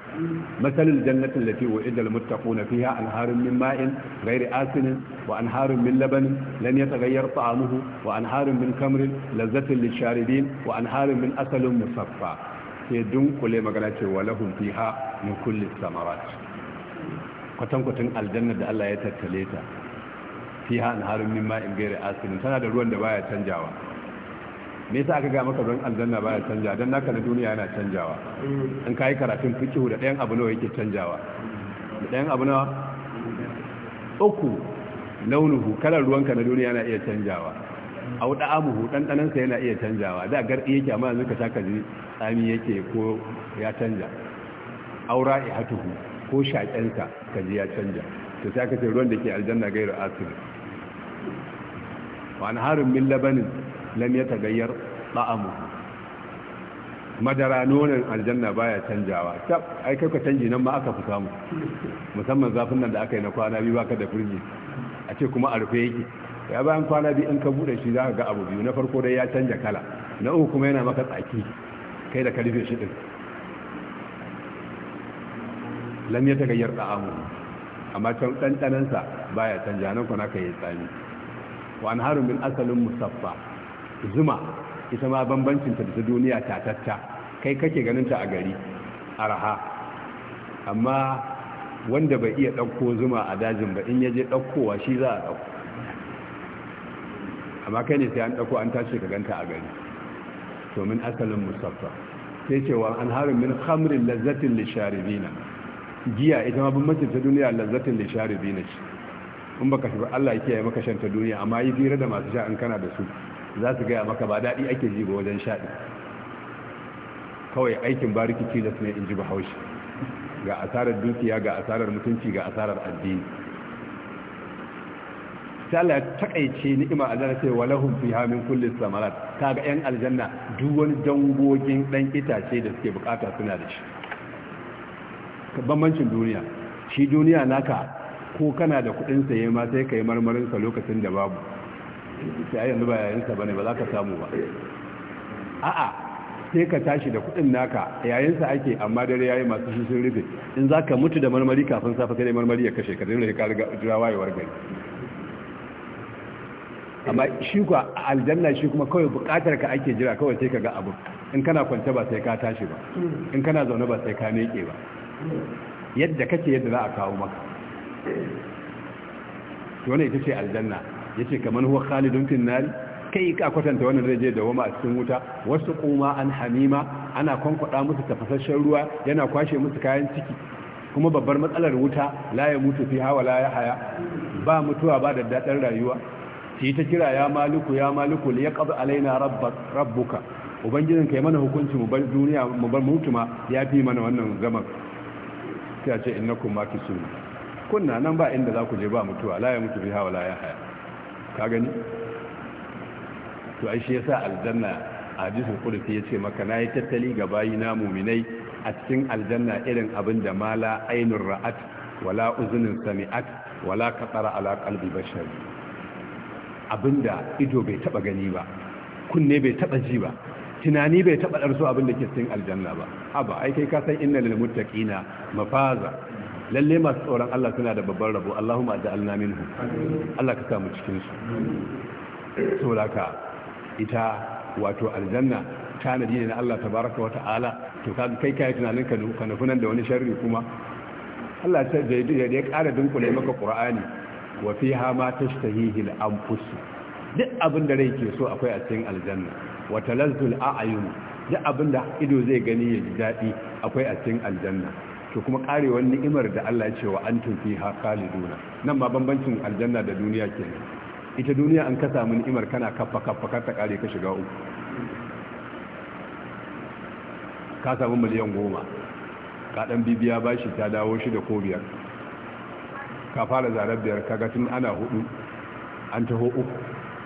masalin jannatin lafi wa idal muttaquna fiha anharun min ma'in ghairi asinin wa anharun min labanin lan yataghayyar ta'amuhu wa anharun min kamrin lazzatin lisharibin wa anharun min asalin musaffa sai dunkule magana ce wa lahum fiha min kulli samarat kwatankwatin aljanna da Allah ya tattale ta fiha anharun min ma'in ghairi asinin tana da ruwan da baya canjawa me yasa aka ga maka don aljanna baya canja don naka na duniya yana canjawa in ka yi karatun fikihu da ɗayan abu nawa yake canjawa da ɗayan abu nawa uku launuhu kalar ruwanka na duniya yana iya canjawa au a wuɗa dan sa yana iya canjawa da garɗi yake amma yanzu ka saka ji tsami yake ko ya canja aura ihatuhu ko shaƙen ka ji ya canja to sai aka ce ruwan da ke aljanna gairu asiri wa an harin min labanin lam ya tagayyar ta'amu madara nonon aljanna baya canjawa tab ai kai ka canji nan ma aka fi samu musamman zafin nan da aka yi na kwana biyu baka da firji a ce kuma a rufe yake ya bayan kwana biyu in ka bude shi za ka ga abu biyu na farko dai ya canja kala na uku kuma yana maka tsaki kai da ka rufe shi din lam ya tagayyar ta'amu amma can ɗanɗanansa baya canja nan kuma kai yi tsami wa anharu min asalin musaffa zuma ita ma bambancinta da ta duniya tatatta kai kake ganinta a gari araha amma wanda bai iya ɗauko zuma a dajin ba in yaje ɗaukowa shi za a ɗauko amma kai ne sai an ɗauko an tashi ka ganta a gari domin asalin musaffa sai cewa an harin min hamrin lazzatin lisharibina giya ita ma banbancin ta duniya lazzatin lisharibina ce in baka shi ba Allah yake yi maka shan ta duniya amma yi fira da masu sha in kana da su za su gaya maka ba daɗi ake ji ba wajen shaɗi kawai aikin bariki su ne in ji bahaushe ga asarar dukiya ga asarar mutunci ga asarar addini tala takaice ni'ima a zara wa walahun fi hamin kullum samarat ta ga 'yan aljanna duk wani dangogin ɗan itace da suke bukata suna da shi bambancin duniya shi duniya naka ko kana da kudin saye ma sai ka yi marmarinsa lokacin da babu sai yanzu ba yayinsa bane ba za ka samu ba a'a sai ka tashi da kudin naka yayin sa ake amma dare yayi masu shushin rufe in za ka mutu da marmari kafin safa sai marmari ya kashe ka dole ka riga jira wayewar gari amma shi kuwa aljanna shi kuma kawai bukatar ka ake jira kawai sai ka ga abu in kana kwance ba sai ka tashi ba in kana zaune ba sai ka neke ba yadda kake yadda za a kawo maka to wannan ita ce aljanna yace kaman huwa khalidun fin nari kai ka kwatanta wannan zai je da wama a cikin wuta wasu kuma an hamima ana kwankwada musu tafasasshen ruwa yana kwashe musu kayan ciki kuma babbar matsalar wuta la ya mutu fi hawa la ya haya ba mutuwa ba da dadan rayuwa shi ta kira ya maliku ya maliku li yaqab alaina rabbak rabbuka ubangijin kai mana hukunci mu bar duniya mu bar mutuma ya fi mana wannan zaman sai ce innakum makisun kunna nan ba inda za ku je ba mutuwa la ya mutu fi hawa la ya haya ka gani to ai shi yasa aljanna a hadisin kursi ya ce maka na yi tattali ga bayi na muminai a cikin aljanna irin abin da mala ainun ra'at wala uzunin sami'at wala katsara ala kalbi bashar abinda ido bai taba gani ba kunne bai taba ji ba tunani bai taba darso abin da ke cikin aljanna ba haba ai kai ka san innal muttaqina mafaza lalle masu tsoron Allah suna da babban rabo Allahumma ja'alna minhu Allah ka samu cikin su saboda ita wato aljanna tanadi ne na Allah tabaraka wa ta'ala to kai kai tunanin ka ka nan da wani sharri kuma Allah ta da ya ƙara dunkule maka Qur'ani wa fiha ma tashtahihi al-anfus duk abin da rai ke so akwai a cikin aljanna wa talazzul a'yun duk abin da ido zai gani ya ji daɗi akwai a cikin aljanna to kuma karewar ni'imar da Allah ya ce wa antum fiha khaliduna nan ma bambancin aljanna da duniya kenan ita duniya an ka samu ni'imar kana kaffa kaffa ka kare ka shiga uku ka samu miliyan goma ka dan bibiya bashi ta dawo shi da ko biyar ka fara zarar biyar ka ga tun ana hudu an taho uku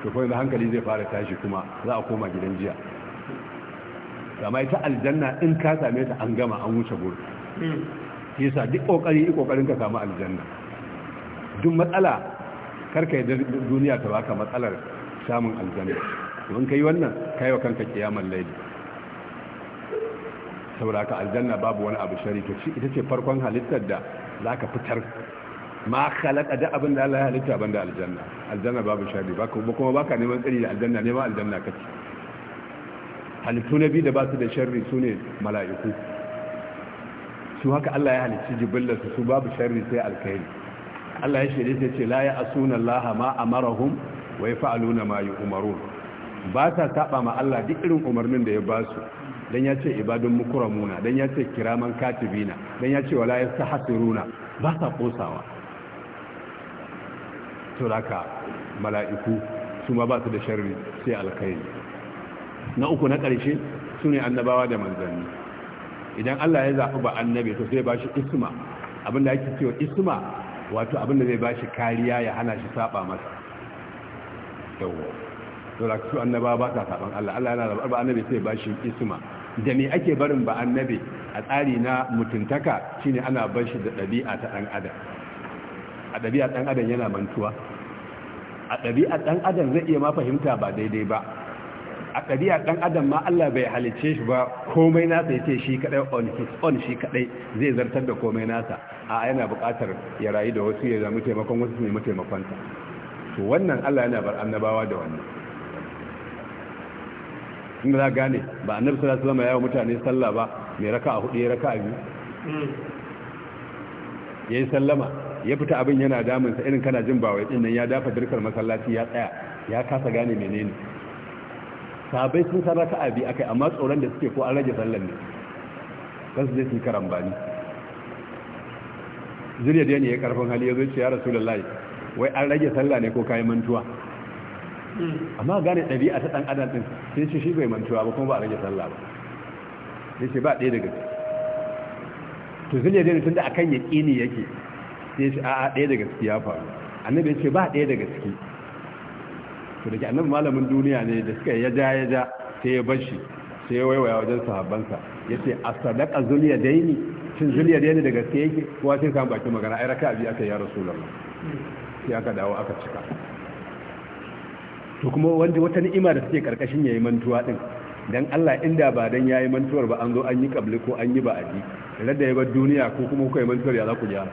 to kawai hankali zai fara tashi kuma za a koma gidan jiya amma ita aljanna in ka same ta an gama an wuce gurbi yasa duk kokari yi kokarin ka samu aljanna duk matsala karka yadda duniya ta baka matsalar samun aljanna don kai wannan kai wa kanka kiyamar laili saboda ka aljanna babu wani abu shari to shi ita ce farkon halittar da zaka fitar ma khalaqa da abin da Allah ya halitta banda da aljanna aljanna babu shari ba kuma baka neman tsari da aljanna neman aljanna kace halittu na bi da ba su da sharri sune mala'iku su haka Allah ya halicci jibillar su babu sharri sai alkhairi Allah ya shirye ta ce la ya asuna Allah ma amarahum wa yaf'aluna ma yu'marun ba ta saba ma Allah duk irin umarnin da ya ba su dan ya ce ibadun mukramuna dan ya ce kiraman katibina dan ya ce wala yastahsiruna ba ta kosawa to raka mala'iku su ma ba su da sharri sai alkhairi na uku na ƙarshe su ne annabawa da manzanni idan Allah ya zaɓi ba annabi to sai ba shi isma abinda ake cewa isma wato abinda zai ba shi kariya ya hana shi saba masa yawo to da su annaba ba ta saban Allah Allah yana zaɓar ba annabi sai ba shi isma da me ake barin ba annabi a tsari na mutuntaka shine ana bar shi da ɗabi'a ta ɗan adam a ɗabi'a ɗan adam yana mantuwa a ɗabi'a ɗan adam zai iya ma fahimta ba daidai ba a ɗabi'a ɗan adam ma Allah bai halicce shi ba komai nasa ya ce shi kaɗai on his own shi kaɗai zai zartar da komai nasa a yana buƙatar ya rayu da wasu ya zama taimakon wasu ne mataimakonsa to wannan Allah yana bar annabawa da wannan in za gane ba annabi sallallahu alaihi zama ya yi mutane sallah ba mai a hudu ya a biyu hmm. yayi sallama ya fita abin yana damunsa irin kana jin bawai din nan ya dafa dirkar masallaci ya tsaya ya kasa gane menene sabai sun san raka'a bi akai amma tsoron da suke ko an rage sallar ne kansu zai sun karambani zuriya da ne ya karfin hali ya zo ce ya rasulullahi wai an rage sallah ne ko kayi mantuwa hmm. amma gane ɗabi'a ta ɗan adam ɗin sai shi shi bai mantuwa ba kuma ba a rage sallah ba sai ce ba ɗaya daga to zuriya da ne tun da akan yaƙini yake sai shi a'a ɗaya daga ciki ya faru annabi ya ce ba ɗaya daga ciki to da ke annabi malamin duniya ne da suka ya ja ya ja sai ya bar shi sai ya waiwaya wajen sahabbansa ya ce a sadaka zuliya daini Cin zuliya daini da gaske yake kowa sai samu bakin magana ai raka abi aka yi ya rasulullah sai aka dawo aka cika to kuma wanda wata ni'ima da suke karkashin yayi mantuwa din dan Allah inda ba dan yayi mantuwar ba an zo an yi kabli ko an yi ba'adi rada ya bar duniya ko kuma kuka yi mantuwar ya za ku ja.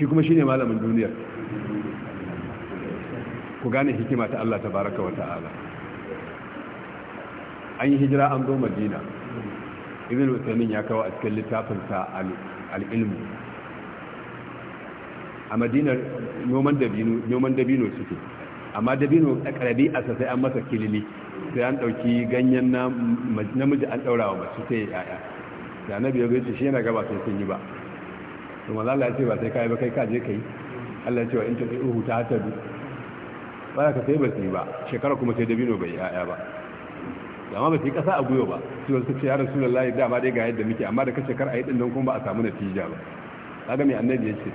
shi kuma shine malamin duniyar ku gane hikima ta Allah tabaraka wa ta'ala an yi hijira an zo madina ibn uthaymeen ya kawo a cikin littafin ta al a madinar noman dabino noman dabino suke amma dabino a karabi a sai an masa kilili sai an dauki ganyen na namiji an daura wa mace sai yaya da annabi ya gace shi yana gaba sai sun yi ba to manzo ya ce ba sai kai ba kai ka je kai Allah ya ce wa in ta uhu ta hatabi ba ka sai ba su yi ba shekara kuma sai dabino bai ya'ya ba amma ba su yi ƙasa a guyo ba su wasu ce ya rasu lallahi dama dai ga yadda muke amma da ka shekara a yi ɗin don kuma ba a samu natija ba kaga mai annabi ya ce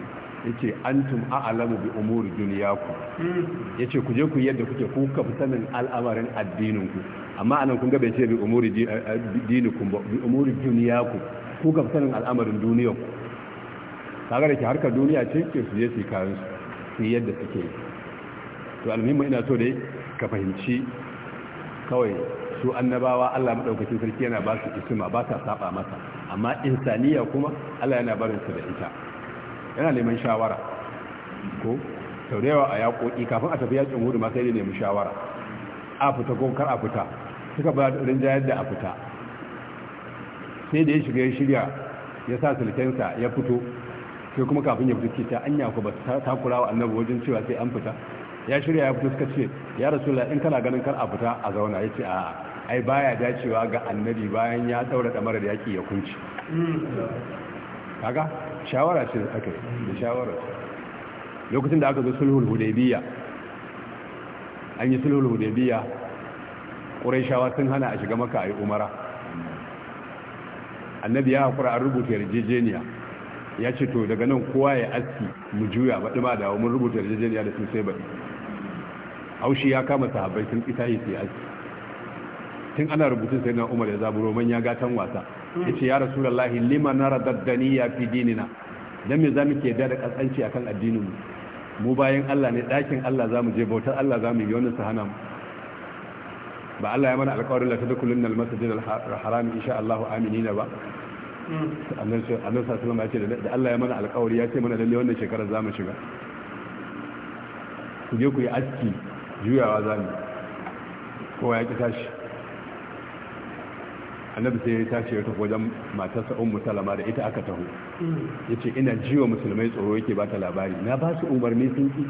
ya ce antum a'alamu bi umuri ku ya ce ku je ku yadda kuke ku ka fi sanin al'amarin addininku amma anan kun ga bai ce bi umuri eh, eh, dinikum ku bi umuri duniyaku ku ka fi sanin al'amarin ku kaga da ke harkar duniya ce ke su je su yi kayan su yadda suke yi to almuhimmi ina so dai ka fahimci kawai su annabawa Allah madaukakin sarki yana ba su isma ba ta saba masa amma insaniya kuma Allah yana barin su da ita yana neman shawara ko sau a yaƙoƙi kafin a tafi yakin hudu ma sai da nemi shawara a fita ko kar a fita suka ba da rinjayar da a fita sai da ya shiga ya shirya ya sa sulkensa ya fito sai kuma kafin ya fito ce ta anya ku ba ta takura wa annabi wajen cewa sai an fita ya shirya ya fito suka ce ya rasulullah in kana ganin kar a fita a zauna yace a ai baya dacewa ga annabi bayan ya daura damar yaki ya kunci kaga shawara ce aka da shawara lokacin da aka zo sulhul hudaybiya an yi sulhul hudaybiya quraishawa sun hana a shiga maka ai umara annabi ya hakura an rubuta yarjejeniya ya ce to daga nan kowa ya aski mu juya baɗi ma dawo mun rubuta yarjejeniya da sun sai baɗi haushi ya kama sahabbai sun ita yi siyasi aski tun ana rubutun sai na umar ya zaburo manya gatan wasa ya ce ya rasu da lahi lima radadani ya fi dinina don me zamu ke da kasanci akan addinin mu mu bayan Allah ne dakin Allah zamu je bautar Allah zamu yi wani sahana mu ba Allah ya mana alƙawarin da tadkhulunna al-masjid al-haram insha Allah aminina ba annabi sallallahu alaihi ya ce da Allah ya mana alƙawari ya ce mana lalle wannan shekarar zamu shiga ku je ku yi aski juyawa za mu kowa ya ƙi tashi annabi sai ya tashi ya tafi wajen matarsa umu salama da ita aka taho yace ina jiwa musulmai tsoro yake ba ta labari na ba su umarni sun ki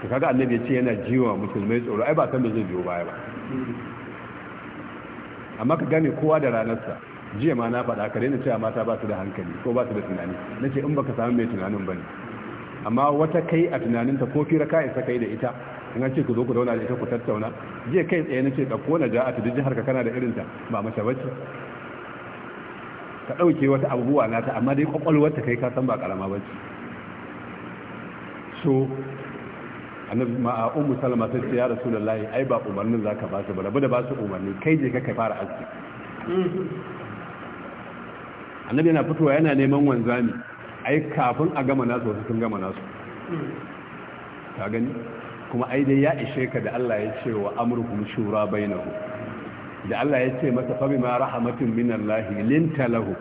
to kaga annabi yace yana jiwa musulmai tsoro ai ba san da zai biyo baya ba amma ka gane kowa da ranarsa jiya ma na faɗa ka daina cewa mata ba su da hankali ko ba su da tunani na ce in baka samu mai tunanin ba ne, amma wata kai a tunaninta ko fira ka isa kai da ita in an ce ku zo ku zauna da ita ku tattauna jiya kai tsaye na ce kona na a ta jihar ka kana da irinta ba mace bace ka ɗauke wata abubuwa na ta amma dai kwakwalwar ta kai ka san ba karama bace so annabi ma ummu salama ta ce ya rasulullahi ai ba umarnin zaka ba su ba rabu da ba su umarni kai je ka kai fara aski annabi yana fitowa yana neman wanzami ai kafin a gama nasu wasu sun gama nasu ta gani kuma ai dai ya ishe ka da Allah ya ce wa amurkun shura bainahu da Allah ya ce masa fami ma rahmatin min Allah linta lahu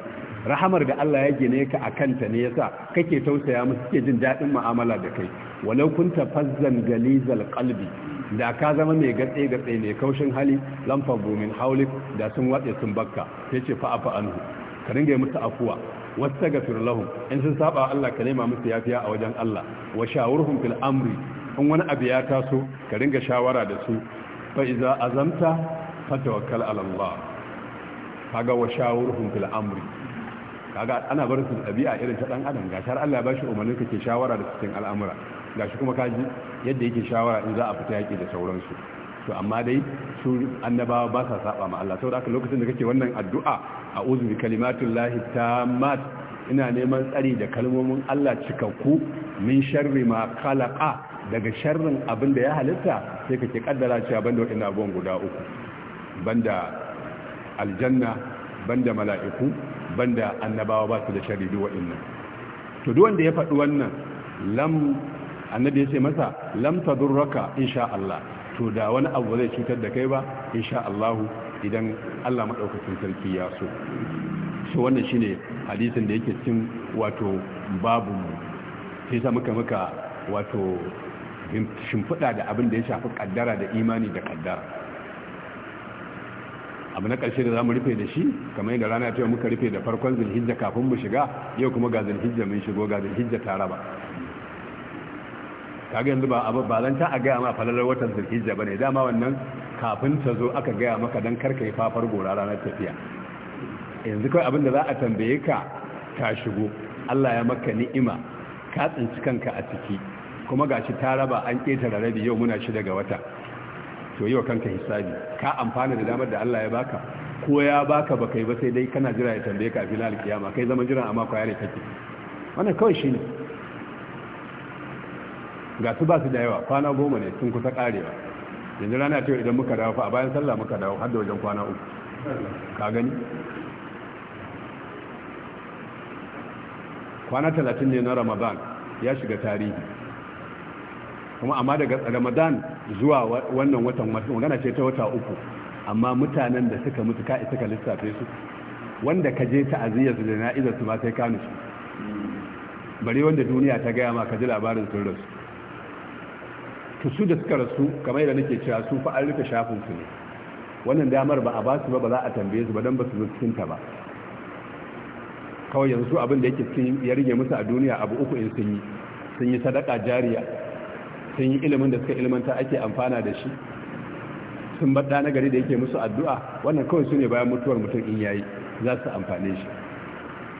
rahamar da Allah ya gine ka akan ta ne yasa kake tausaya musu kake jin dadin mu'amala da kai walau kunta fazzan galizal qalbi da ka zama mai gatse gatse mai kaushin hali lam fabu min haulik da sun watsa sun bakka yace fa afa anhu ka dinga musu afuwa wastaghfir lahum in sun saba Allah ka nema musu yafiya a wajen Allah wa shawurhum fil amri in wani abu ya taso ka ringa shawara da su fa iza azamta tawakkal ala Allah kaga wa shawuruhum fil amri kaga ana barin su irin ta dan adam gashar Allah ya bashi umarni kake shawara da cikin al'amura gashi kuma kaji yadda yake shawara in za a fita yaki da sauransu to amma dai su annabawa ba sa saba ma Allah saboda haka lokacin da kake wannan addu'a a'udhu bi kalimatillahi tammat ina neman tsari da kalmomin Allah cikakku min sharri ma khalaqa daga sharrin abin da ya halitta sai ka ke kaddara cewa banda waɗannan abubuwan guda uku banda aljanna banda mala'iku banda annabawa ba su da sharri duwa waɗannan to duk wanda ya faɗi wannan lam annabi ya ce masa lam tadurraka insha Allah to da wani abu zai cutar da kai ba insha Allah idan Allah maɗaukacin sarki ya so so wannan shine hadisin da yake cikin wato babu sai sa muka muka wato shimfiɗa da abin da ya shafi kaddara da imani da kaddara abu na ƙarshe da za mu rufe da shi kamar yadda rana ta muka rufe da farkon zulhijja kafin mu shiga yau kuma ga zulhijja mun shigo ga zulhijja ta raba kaga yanzu ba ba zan ta a gaya ma falalar watan ba ne, dama wannan kafin ta zo aka gaya maka dan karka yi fafar gora ranar tafiya yanzu kawai abin da za a tambaye ka ta shigo Allah ya maka ni'ima ka tsinci kanka a ciki kuma shi ta raba an ƙetare rabi yau muna shi daga wata to wa kanka hisabi ka amfana da damar da Allah ya baka ko ya baka ba kai ba sai dai kana jira ya tambaye ka a filin alkiyama kai zaman jiran amma ya ne kake wannan kawai shi ne ga su ba su da yawa kwana goma ne sun kusa karewa yanzu rana ta idan muka dawo fa a bayan sallah muka dawo har da wajen kwana uku ka gani kwana talatin ne na ramadan ya shiga tarihi kuma amma daga ramadan zuwa wannan watan wasu magana ce ta wata uku amma mutanen da suka mutu ka isa ka lissafe su wanda ka je aziyar su da na'izar su ma sai ka nufi bare wanda duniya ta gaya ma ka ji labarin sun rasu to su da suka rasu kamar yadda nake cewa su fa an rufe shafin su ne wannan damar ba a ba su ba ba za a tambaye su ba don ba su cikin ba kawai yanzu abin da yake sun ya rige musu a duniya abu uku in sun yi sun yi sadaka jariya sun yi ilimin da suka ilimanta ake amfana da shi sun baɗa na gari da yake musu addu'a wannan kawai su ne bayan mutuwar mutum in yayi za su amfane shi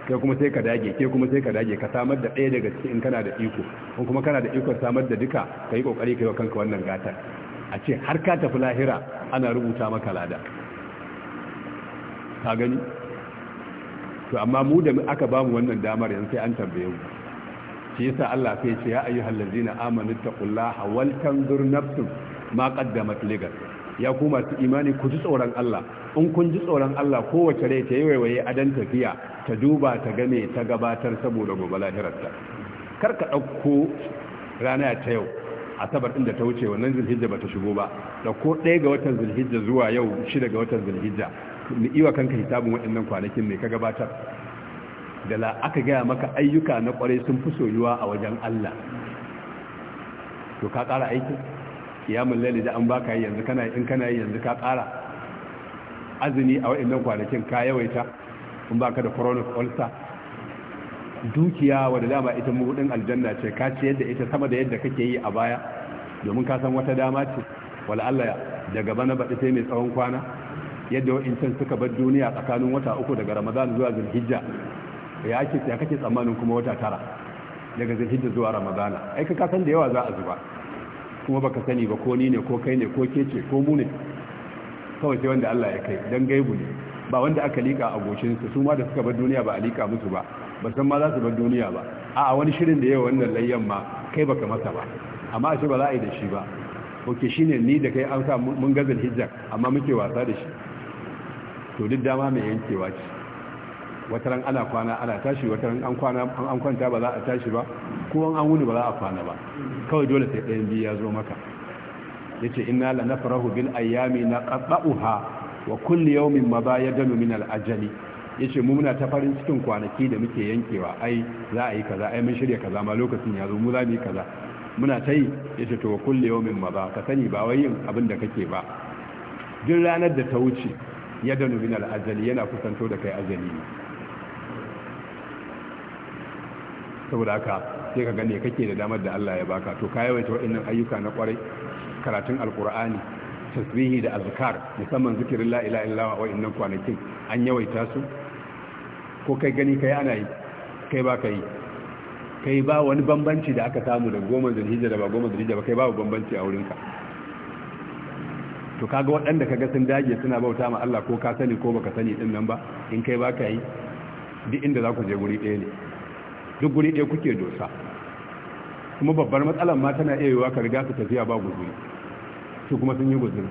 kai kuma sai ka dage ke kuma sai ka dage ka samar da ɗaya daga cikin kana da iko in kuma kana da ikon samar da duka ka yi ƙoƙari ka yi wa kanka wannan gatar a ce har ka tafi lahira ana rubuta maka lada ka gani to amma mu da aka ba mu wannan damar yanzu sai an tambaye mu shi yasa Allah sai ce ya ayyuhal ladina amanu taqullaha wal tanzur nafsun ma qaddamat ligat ya ku masu imani ku ji tsoron Allah in kun ji tsoron Allah kowace rai ta yi waiwaye adan tafiya ta duba ta game ta gabatar saboda gobe lahirarta kar ka ɗauko rana ta yau asabar din da ta wuce wannan zulhijja ba ta shigo ba Da ko ɗaya ga watan zulhijja zuwa yau shida ga watan zulhijja ni iwa kanka hisabin waɗannan kwanakin ne ka gabatar da la aka gaya maka ayyuka na kwarai sun fi soyuwa a wajen Allah to ka ƙara aiki ya lalle da an baka yi yanzu kana in kana yanzu ka kara azumi a waɗannan kwanakin ka yawaita in baka da chronic ulcer dukiya wadda dama ita mabudin aljanna ce ka ciyar yadda ita sama da yadda kake yi a baya domin ka san wata dama ce wala Allah daga bana baɗi sai mai tsawon kwana yadda wa'incan suka bar duniya tsakanin wata uku daga ramadan zuwa zulhijja ya ake ya kake tsammanin kuma wata tara daga zulhijja zuwa ramadana ai ka san da yawa za a zuba kuma baka sani ba ko ni ne ko kai ne ko ke ce ko mu ne kawai sai wanda Allah ya kai dan gaibu ne ba wanda aka lika a goshin su su ma da suka bar duniya ba a lika musu ba ba san ma za su bar duniya ba a wani shirin da yawa wannan layyan ma kai baka masa ba amma ashe ba za a yi da shi ba oke shi ne ni da kai an sa mun gazin hijjar amma muke wasa da shi to duk dama mai yankewa ce wataran ana kwana ana tashi wataran an kwanta ba za a tashi ba ko an wuni ba za a kwana ba kawai dole sai ɗayan biyu ya zo maka yace inna la nafrahu bil ayami naqta'uha wa kulli yawmin ma bayadanu min al ajali yace mu muna ta farin cikin kwanaki da muke yankewa ai za a yi kaza ai mun shirya kaza ma lokacin ya zo mu za mu yi kaza muna ta yi yace to wa kulli yawmin ma ba ka sani ba wai yin abin da kake ba duk ranar da ta wuce yadanu min al ajali yana kusanto da kai ajali ne saboda haka sai ka gane kake da damar da Allah ya baka to ka yawaita waɗannan ayyuka na kwarai karatun alkur'ani tasbihi da azkar musamman zikirin la ilaha illallah wa innan kwanakin an yawaita su ko kai gani kai ana yi kai ba kai kai ba wani bambanci da aka samu da goma zulhijja da ba goma zulhijja ba kai babu bambanci a wurinka to kaga waɗanda kaga sun dage suna bauta ma Allah ko ka sani ko baka sani din nan ba in kai ba ka yi duk inda za ku je guri ɗaya ne duk guri ɗaya kuke dosa kuma babbar matsalar ma tana iya yiwa ka riga ka tafiya ba guzuri su kuma sun yi guzuri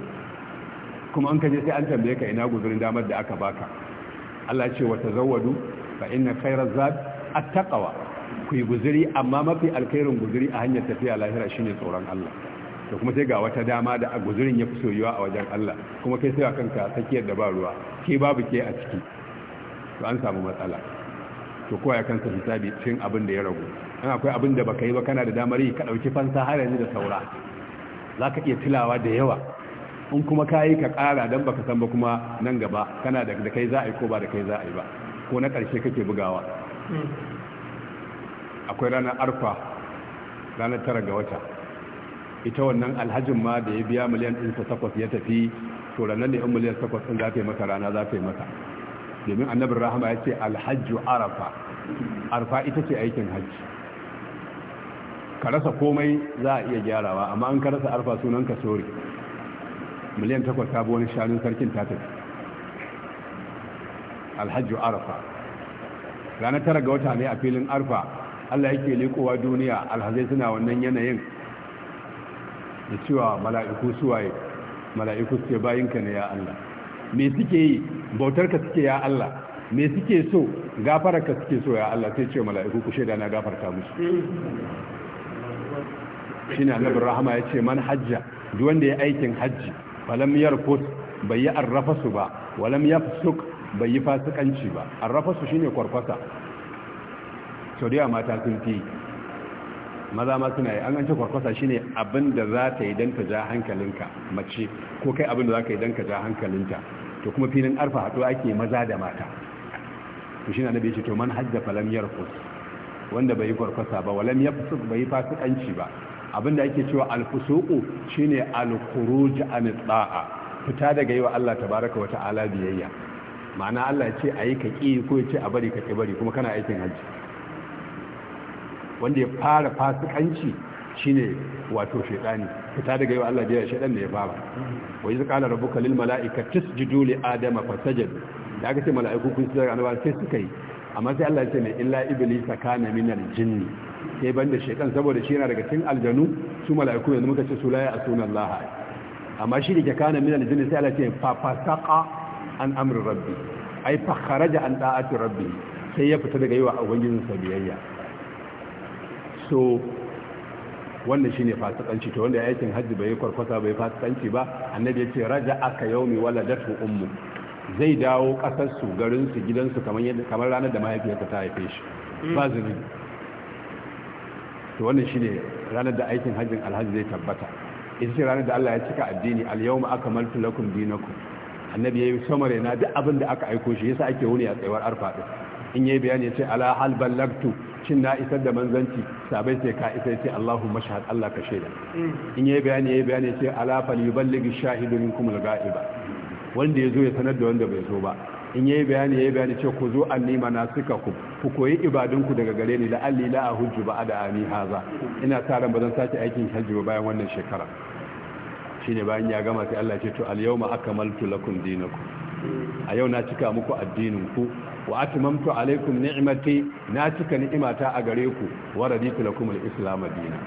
kuma an kaje sai an tambaye ka ina guzurin damar da aka baka Allah ce wa tazawwadu fa inna khayra zad at-taqwa ku yi guzuri amma mafi alkhairin guzuri a hanyar tafiya lahira shine tsoron Allah da kuma sai ga wata dama da guzurin ya fi soyuwa a wajen Allah kuma kai sai kanka tsakiyar da ba ruwa ke babu ke a ciki to an samu matsala to ko ya kansa hisabi cikin abin da ya ragu in akwai abin da baka yi ba kana da damar yi ka dauki fansa har yanzu da saura zaka iya tilawa da yawa in kuma ka yi ka kara don baka san ba kuma nan gaba kana da kai za a yi ko ba da kai za a yi ba ko na ƙarshe kake bugawa akwai ranar arfa ranar tara ga wata ita wannan alhajin ma da ya biya miliyan ɗinsa takwas ya tafi to ranar ne yan miliyan takwas ɗin za ta yi masa rana za ta yi masa domin annabin rahama ya ce alhajju arafa arfa ita ce aikin hajji ka rasa komai za a iya gyarawa amma an ka rasa arfa sunan ka sori miliyan takwas ta wani shanun sarkin ta tafi alhajju arafa ranar tara ga wata ne a filin arfa allah yake likowa duniya alhazai suna wannan yanayin da cewa mala'iku suwaye mala'iku suke bayinka ne ya allah me suke yi bautar ka suke ya Allah me suke so gafara ka suke so ya Allah sai ce mala'iku ku shaida na gafarta musu shine annabi rahama ya ce man hajja duk wanda ya aikin hajji falam yarfus bai yi arrafasu ba walam yafsuk bai yi fasikanci ba arrafasu shine kwarkwasa sauriya mata sun fi maza ma suna yi an ganci ce kwarkwasa shine abin da za ta yi don ta ja hankalinka mace ko kai abin da za ka yi don ka ja hankalinta to kuma filin arfa hato ake maza da mata to shi na nabi ce to man hajja falam yarfus wanda bai yi kwarkwasa ba walam yafsuk bai fasikanci ba abinda ake cewa alfusuku shine alkhuruj an ta'a fita daga yi wa Allah wata ala biyayya ma'ana Allah ce ayi ka ki ko ya ce a bari ka ki bari kuma kana aikin hajji wanda ya fara fasikanci ne wato shaytani fita daga yau Allah biya shaytan da ya fara wa iz rabu kalil lil mala'ikati isjudu li adama fasajadu da aka ce mala'iku kun sujada annabawa sai suka yi amma sai Allah ce ne illa iblisa kana minal jinni sai banda shaytan saboda shi yana daga cin aljanu su mala'iku yanzu muka ce su a sunan Laha. amma shi da kana minal jinni sai Allah ya ce fa an amri rabbi ai fa an da'ati rabbi sai ya fita daga yawa ubangijin sa biyayya so wannan shine fasikanci to wanda aikin hajji bai kwarkwata bai fasikanci ba annabi yace raja aka yaumi datu ummu zai dawo kasar su garin su gidan su kamar yadda kamar ranar da mahaifiyarsa ta haife shi mm. ba zunubi to wannan shine ranar da aikin hajjin alhaji zai tabbata ita ce ranar da Allah ya cika addini al-yawma akmaltu lakum dinakum annabi yayi samare na duk abin da aka aiko shi yasa ake wuni a tsayuwar arfa din in yi bayani ya ce ala hal ballagtu cin na isar da manzanci sabai sai ka isa ce allahu mashahad Allah ka shaida in yi bayani yi bayani ya ce ala fal yuballighi shahidu minkum al-ghaiba wanda yazo ya sanar da wanda bai zo ba in yi bayani yayi bayani ce ku zo nima na suka ku ku koyi ibadunku daga gare ni la alli la ahujju a ani haza ina sa ran bazan sake aikin hajji ba bayan wannan shekara shine bayan ya gama sai Allah ya ce to al yawma akmaltu lakum dinakum a yau na cika muku addinin ku wa atimamtu alaikum ni'mati na cika ni'imata a gare ku wa raditu lakum al-islam dinan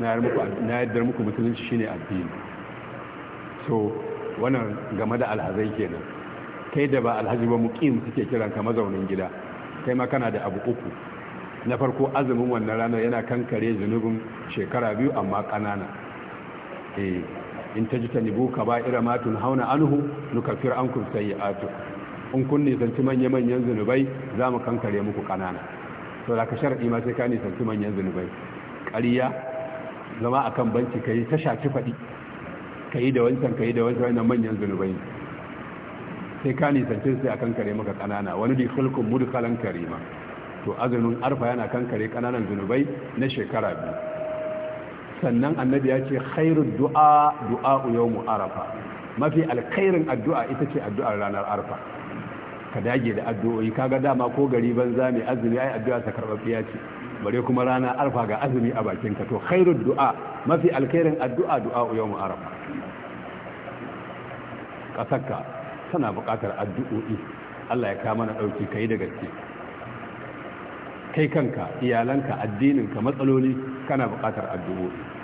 na yar muku na yaddar muku musulunci shine addini so wannan game da alhazai kenan kai da ba alhaji ba muqim suke kiran ka mazaunin gida kai ma kana da abu uku na farko azumin wannan rana yana kankare zunubin shekara biyu amma kanana eh in ba kaba'ira ma tunhauna anhu nukaffir ankum sayyi'atukum in kun nisanci manya-manyan zunubai za mu kankare muku ƙanana to da ka sharaɗi ma sai ka nisanci manyan zunubai ƙariya zama a kan banci ka yi ta shafi faɗi ka yi da wancan ka yi da wancan wannan manyan zunubai sai ka nisanci sai a kankare muka ƙanana wani bi mudu kalan karima to azumin arfa yana kankare ƙananan zunubai na shekara biyu sannan annabi ya ce khairu du'a du'a yawmu arafa mafi alkhairin addu'a ita ce addu'ar ranar arfa ka dage da addu'o'i kaga dama ko gari banza mai azumi ai addu'a ta ce bare kuma rana arfa ga azumi a bakin ka to khairud du'a mafi alkhairin addu'a du'a yawm arafa kasarka tana buƙatar addu'o'i Allah ya kama na ɗauki kai da gaske kai kanka iyalanka addininka matsaloli kana buƙatar addu'o'i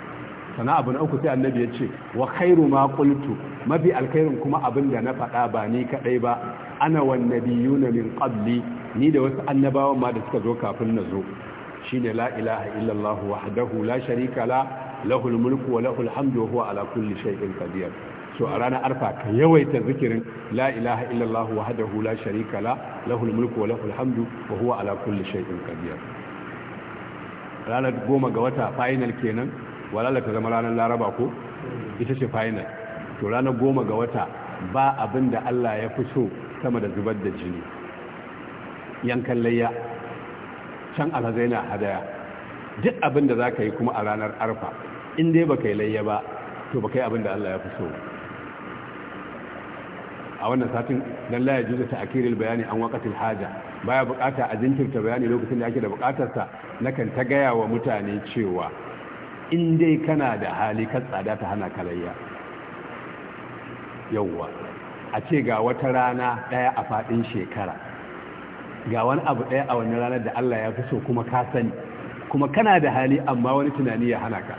sana abu na uku sai annabi ya ce wa khairu ma qultu mafi alkhairin kuma abin da na faɗa ba ni kaɗai ba ana wan nabiyuna min qabli ni da wasu annabawan ma da suka zo kafin na zo shine la ilaha illallah wahdahu la sharika la lahul mulku wa lahul hamdu wa huwa ala kulli shay'in qadir so a ranar arfa ka yawaita zikirin la ilaha illallah wahdahu la sharika la lahul mulku wa lahul hamdu wa huwa ala kulli shay'in qadir ranar goma ga wata final kenan walala ta zama ranar laraba ko ita ce final to ranar goma ga wata ba abin da allah ya fi so sama da zubar da jini yankan layya can alhazai na hadaya duk abin da za ka yi kuma a ranar arfa in dai baka yi layya ba to ba kai abin da allah ya fi so a wannan satin dan la ta akiril bayani an waqtil haja baya bukata a jinkirta bayani lokacin da ake da bukatarsa nakan ta gaya wa mutane cewa in dai kana da hali kan tsada ta hana kalayya yauwa a ce ga wata rana ɗaya a faɗin shekara ga wani abu ɗaya a wani ranar da Allah ya fi so kuma ka sani kuma kana da hali amma wani tunani ya hana ka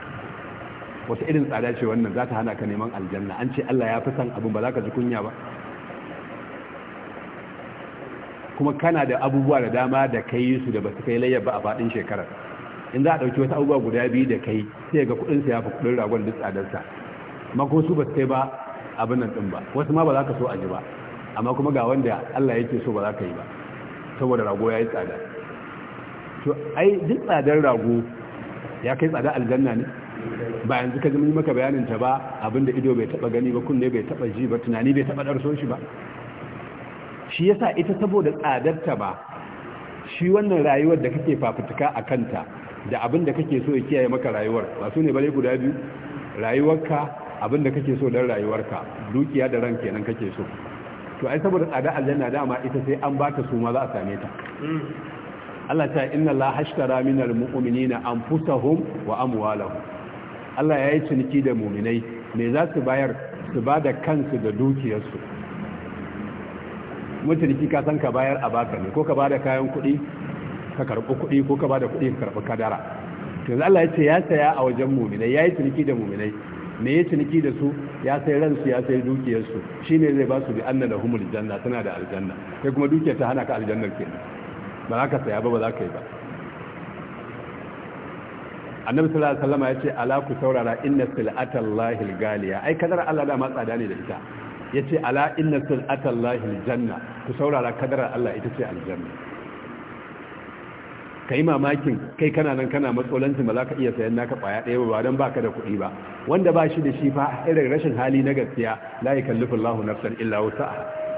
wasu irin tsada ce wannan za ta hana ka neman aljanna an ce Allah ya fi san abin ba za ka ji kunya ba kuma kana da abubuwa da dama da ka yi su da ba su kai layyar ba a faɗin shekarar in za a ɗauki wata abubuwa guda biyu da kai sai ga kuɗin sa ya fi kuɗin ragon duk tsadarsa amma kuma su ba su kai ba abin nan ɗin ba wasu ma ba za ka so a ji ba amma kuma ga wanda Allah yake so ba za ka yi ba saboda rago ya yi tsada to ai duk tsadar rago ya kai tsada aljanna ne ba yanzu ka zama maka bayanin ta ba abinda ido bai taba gani ba kunne bai taba ji ba tunani bai taba darso shi ba shi yasa ita saboda tsadar ta ba shi wannan rayuwar da kake fafutuka a kanta da abin da kake so ya kiyaye maka rayuwar ba su ne bare guda biyu rayuwarka abin da kake so don rayuwarka dukiya da ran kenan kake so to ai saboda tsada aljanna dama ita sai an bata su ma za a same ta hmm. Allah ta inna la hashtara minal mu'minina anfusahum wa amwalahum Allah ya yi ciniki da mu'minai me za su bayar su ba da kansu da dukiyarsu mutunci ka san ka bayar a baka ne ko ka ba da kayan kuɗi ka karɓi kuɗi ko ka ba da kuɗi ka karɓi kadara yanzu Allah ya ce ya saya a wajen muminai ya yi ciniki da muminai me ya ciniki da su ya sai ransu ya sai dukiyarsu shine zai ba su bi anna da humul janna tana da aljanna kai kuma dukiyar ta hana ka aljannar ke? ba za ka saya ba ba za ka yi ba annabi sallallahu alaihi wasallam ya ce ala ku saurara inna silatallahi galiya ai kadar Allah da ma tsada ne da ita yace ala inna silatallahi aljanna ku saurara kadar Allah ita ce aljanna ka yi mamakin kai kana nan kana matsolanci ba za ka iya sayan naka ɓaya ɗaya ba don ba ka da kuɗi ba wanda ba shi da shi fa irin rashin hali na gaskiya la yukallifu Allahu nafsan illa a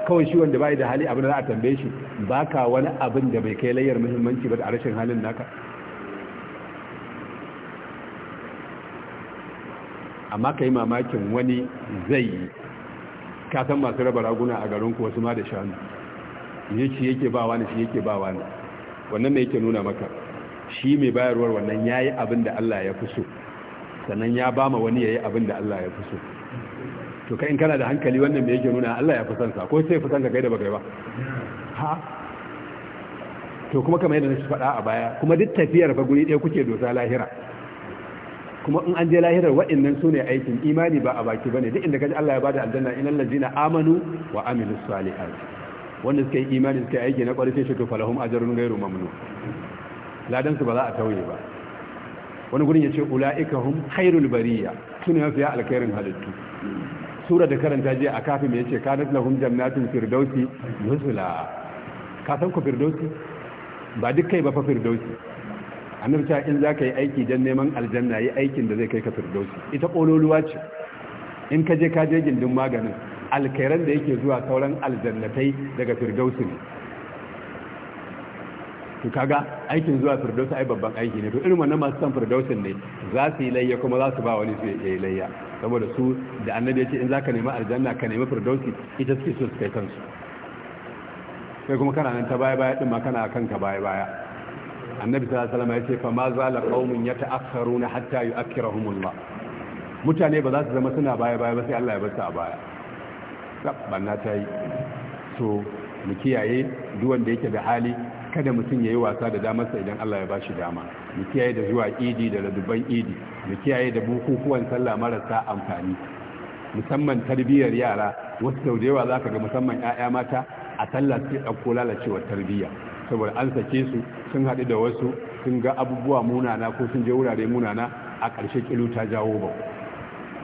kawai shi wanda bai da hali abin da za a tambaye shi ba ka wani abin da bai kai layyar muhimmanci ba da rashin halin naka amma ka yi mamakin wani zai yi ka san masu raba raguna a garin ku wasu ma da shanu yake yake ba wani shi yake ba wani wannan ne yake nuna maka shi mai bayarwar wannan ya yi abin da Allah ya fi so sannan ya ba ma wani ya yi abin da Allah ya fi so to kai in kana da hankali wannan mai yake nuna Allah ya fi son sa ko sai fi son ka kai da bakai ba ha to kuma kamar yadda na faɗa a baya kuma duk tafiyar fa guri ɗaya kuke dosa lahira kuma in an je lahirar waɗannan su ne aikin imani ba a baki ba ne duk inda kaji Allah ya bada aljanna inal ladina amanu wa amilus salihati wanda suka yi imani suka yi aiki na ƙwarai shi to falahum ajrun ghairu mamnun ladan su ba za a tauye ba wani gurin yace ce hum khairul bariya sune mafi alkhairin halittu sura da karanta jiya a kafin mai yace kanat lahum jannatin firdausi nuzula ka san ku firdausi ba duk kai ba fa firdausi annabi ta in zaka yi aiki dan neman aljanna yi aikin da zai kai ka firdausi ita kololuwa ce in ka je ka je gindin maganin alkairan da yake zuwa sauran aljannatai daga firdausi ne to kaga aikin zuwa firdausi ai babban aiki ne to irin wannan masu san firdausi ne za su yi layya kuma za su ba wani su yi layya saboda su da annabi ya ce in za ka nemi aljanna ka nemi firdausi ita suke so su kai kansu sai kuma kana nan ta baya baya din ma kana kanka baya baya annabi sallallahu alaihi wasallam ya ce fa ma la qaumun yata'akharuna hatta yu'akkirahumullah mutane ba za su zama suna baya baya ba sai Allah ya bar su a baya banna ta yi so mu kiyaye duk wanda yake da hali kada mutum ya yi wasa da damarsa idan Allah ya ba shi dama mu kiyaye da zuwa idi da dubban idi mu kiyaye da bukukuwan sallah marasa amfani musamman tarbiyyar yara wasu sau da yawa za ka ga musamman 'ya'ya mata a sallah sai ɗauko lalacewar tarbiyya saboda an sake su sun haɗu da wasu sun ga abubuwa munana ko sun je wurare munana a ƙarshe ƙilu ta jawo ba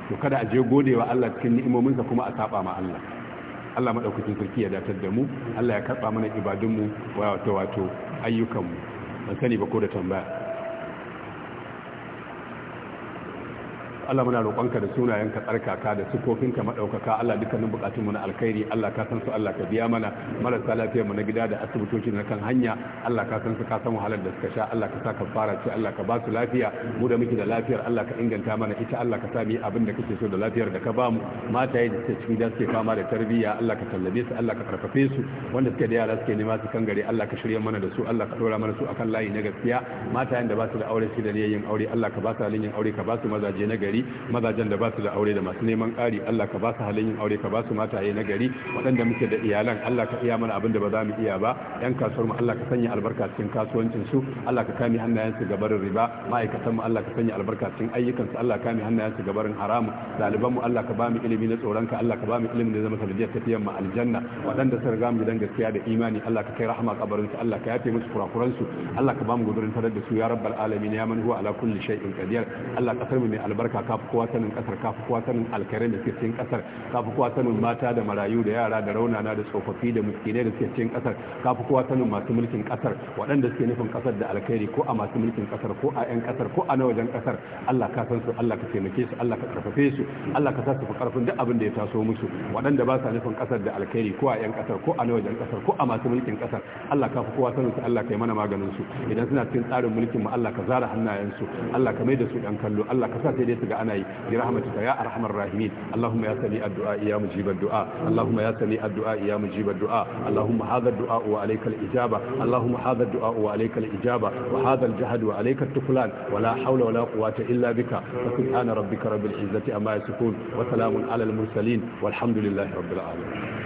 to kada a je wa Allah cikin ni'imominsa kuma a saba ma Allah Allah madaukakin sarki ya datar da mu Allah ya karba mana ibadunmu wato wato mu ban sani ba ko da tambaya Allah muna roƙonka da sunayenka tsarkaka da sukofinka madaukaka Allah dukkanin bukatunmu na alkhairi Allah ka san su Allah ka biya mana marasa lafiyar mu na gida da asibitoci na kan hanya Allah ka san su ka san wahalar da suka sha Allah ka sa ka fara ce Allah ka ba su lafiya mu da muke da lafiyar Allah ka inganta mana ita Allah ka sa mu abin da kake so da lafiyar da ka ba mu mataye da suke cikin da suke fama da tarbiyya Allah ka tallabe su Allah ka karfafe su wanda suke da yara suke nema su kan gare Allah ka shirya mana da su Allah ka dora mana su akan layi na gaskiya matayen da ba su da aure su da yayin aure Allah ka ba su halin yin aure ka ba su mazaje na gari gari mazajen da ba su da aure da masu neman ƙari Allah ka ba su halin yin aure ka ba su mataye na gari waɗanda muke da iyalan Allah ka iya mana abin da ba za mu iya ba yan kasuwar mu Allah ka sanya albarka cikin kasuwancin su Allah ka kame hannayen su gabarin riba ma'aikatan mu Allah ka sanya albarka cikin ayyukan su Allah kame hannayen su gabarin haramu ɗaliban mu Allah ka ba mu ilimi na tsoron ka Allah ka ba mu ilimi da zama sanadiyar tafiyar mu aljanna waɗanda sun riga mu gidan gaskiya da imani Allah ka kai rahama kabarin su Allah ka yafe musu kurakuran su Allah ka ba mu gudurin tare da su ya rabbal alamin ya man huwa ala kulli shay'in qadir Allah ka mu mai albarka kafi kowa sanin kasar kafi kowa sanin alkarin da cikin kasar kafi kowa sanin mata da marayu da yara da raunana da tsofaffi da miskinai da cikin kasar kafi kowa sanin masu mulkin kasar waɗanda suke nufin kasar da alkhairi ko a masu mulkin kasar ko a 'yan kasar ko a na wajen kasar Allah ka san su Allah ka taimake su Allah ka karfafe su Allah ka sa su fi karfin duk abin da ya taso musu waɗanda ba sa nufin kasar da alkhairi ko a 'yan kasar ko a na wajen kasar ko a masu mulkin kasar Allah ka fi kowa sanin su Allah ka yi mana maganin su idan suna cikin tsarin mulkin mu Allah ka zara hannayen su Allah ka mai da su dan kallo Allah ka sa sai dai su ga ana yi bi rahmatika ya arhamar rahimin allahumma ya sami addu'a ya mujib addu'a allahumma ya sami addu'a ya mujib du'a allahumma hadha du'a wa alayka al-ijaba allahumma hadha du'a wa alayka al-ijaba wa hadha al-jahd wa alayka at-tuflan wa la hawla wa la quwwata illa bika subhana rabbika rabbil izzati amma yasifun wa salamun ala al-mursalin والحمد لله رب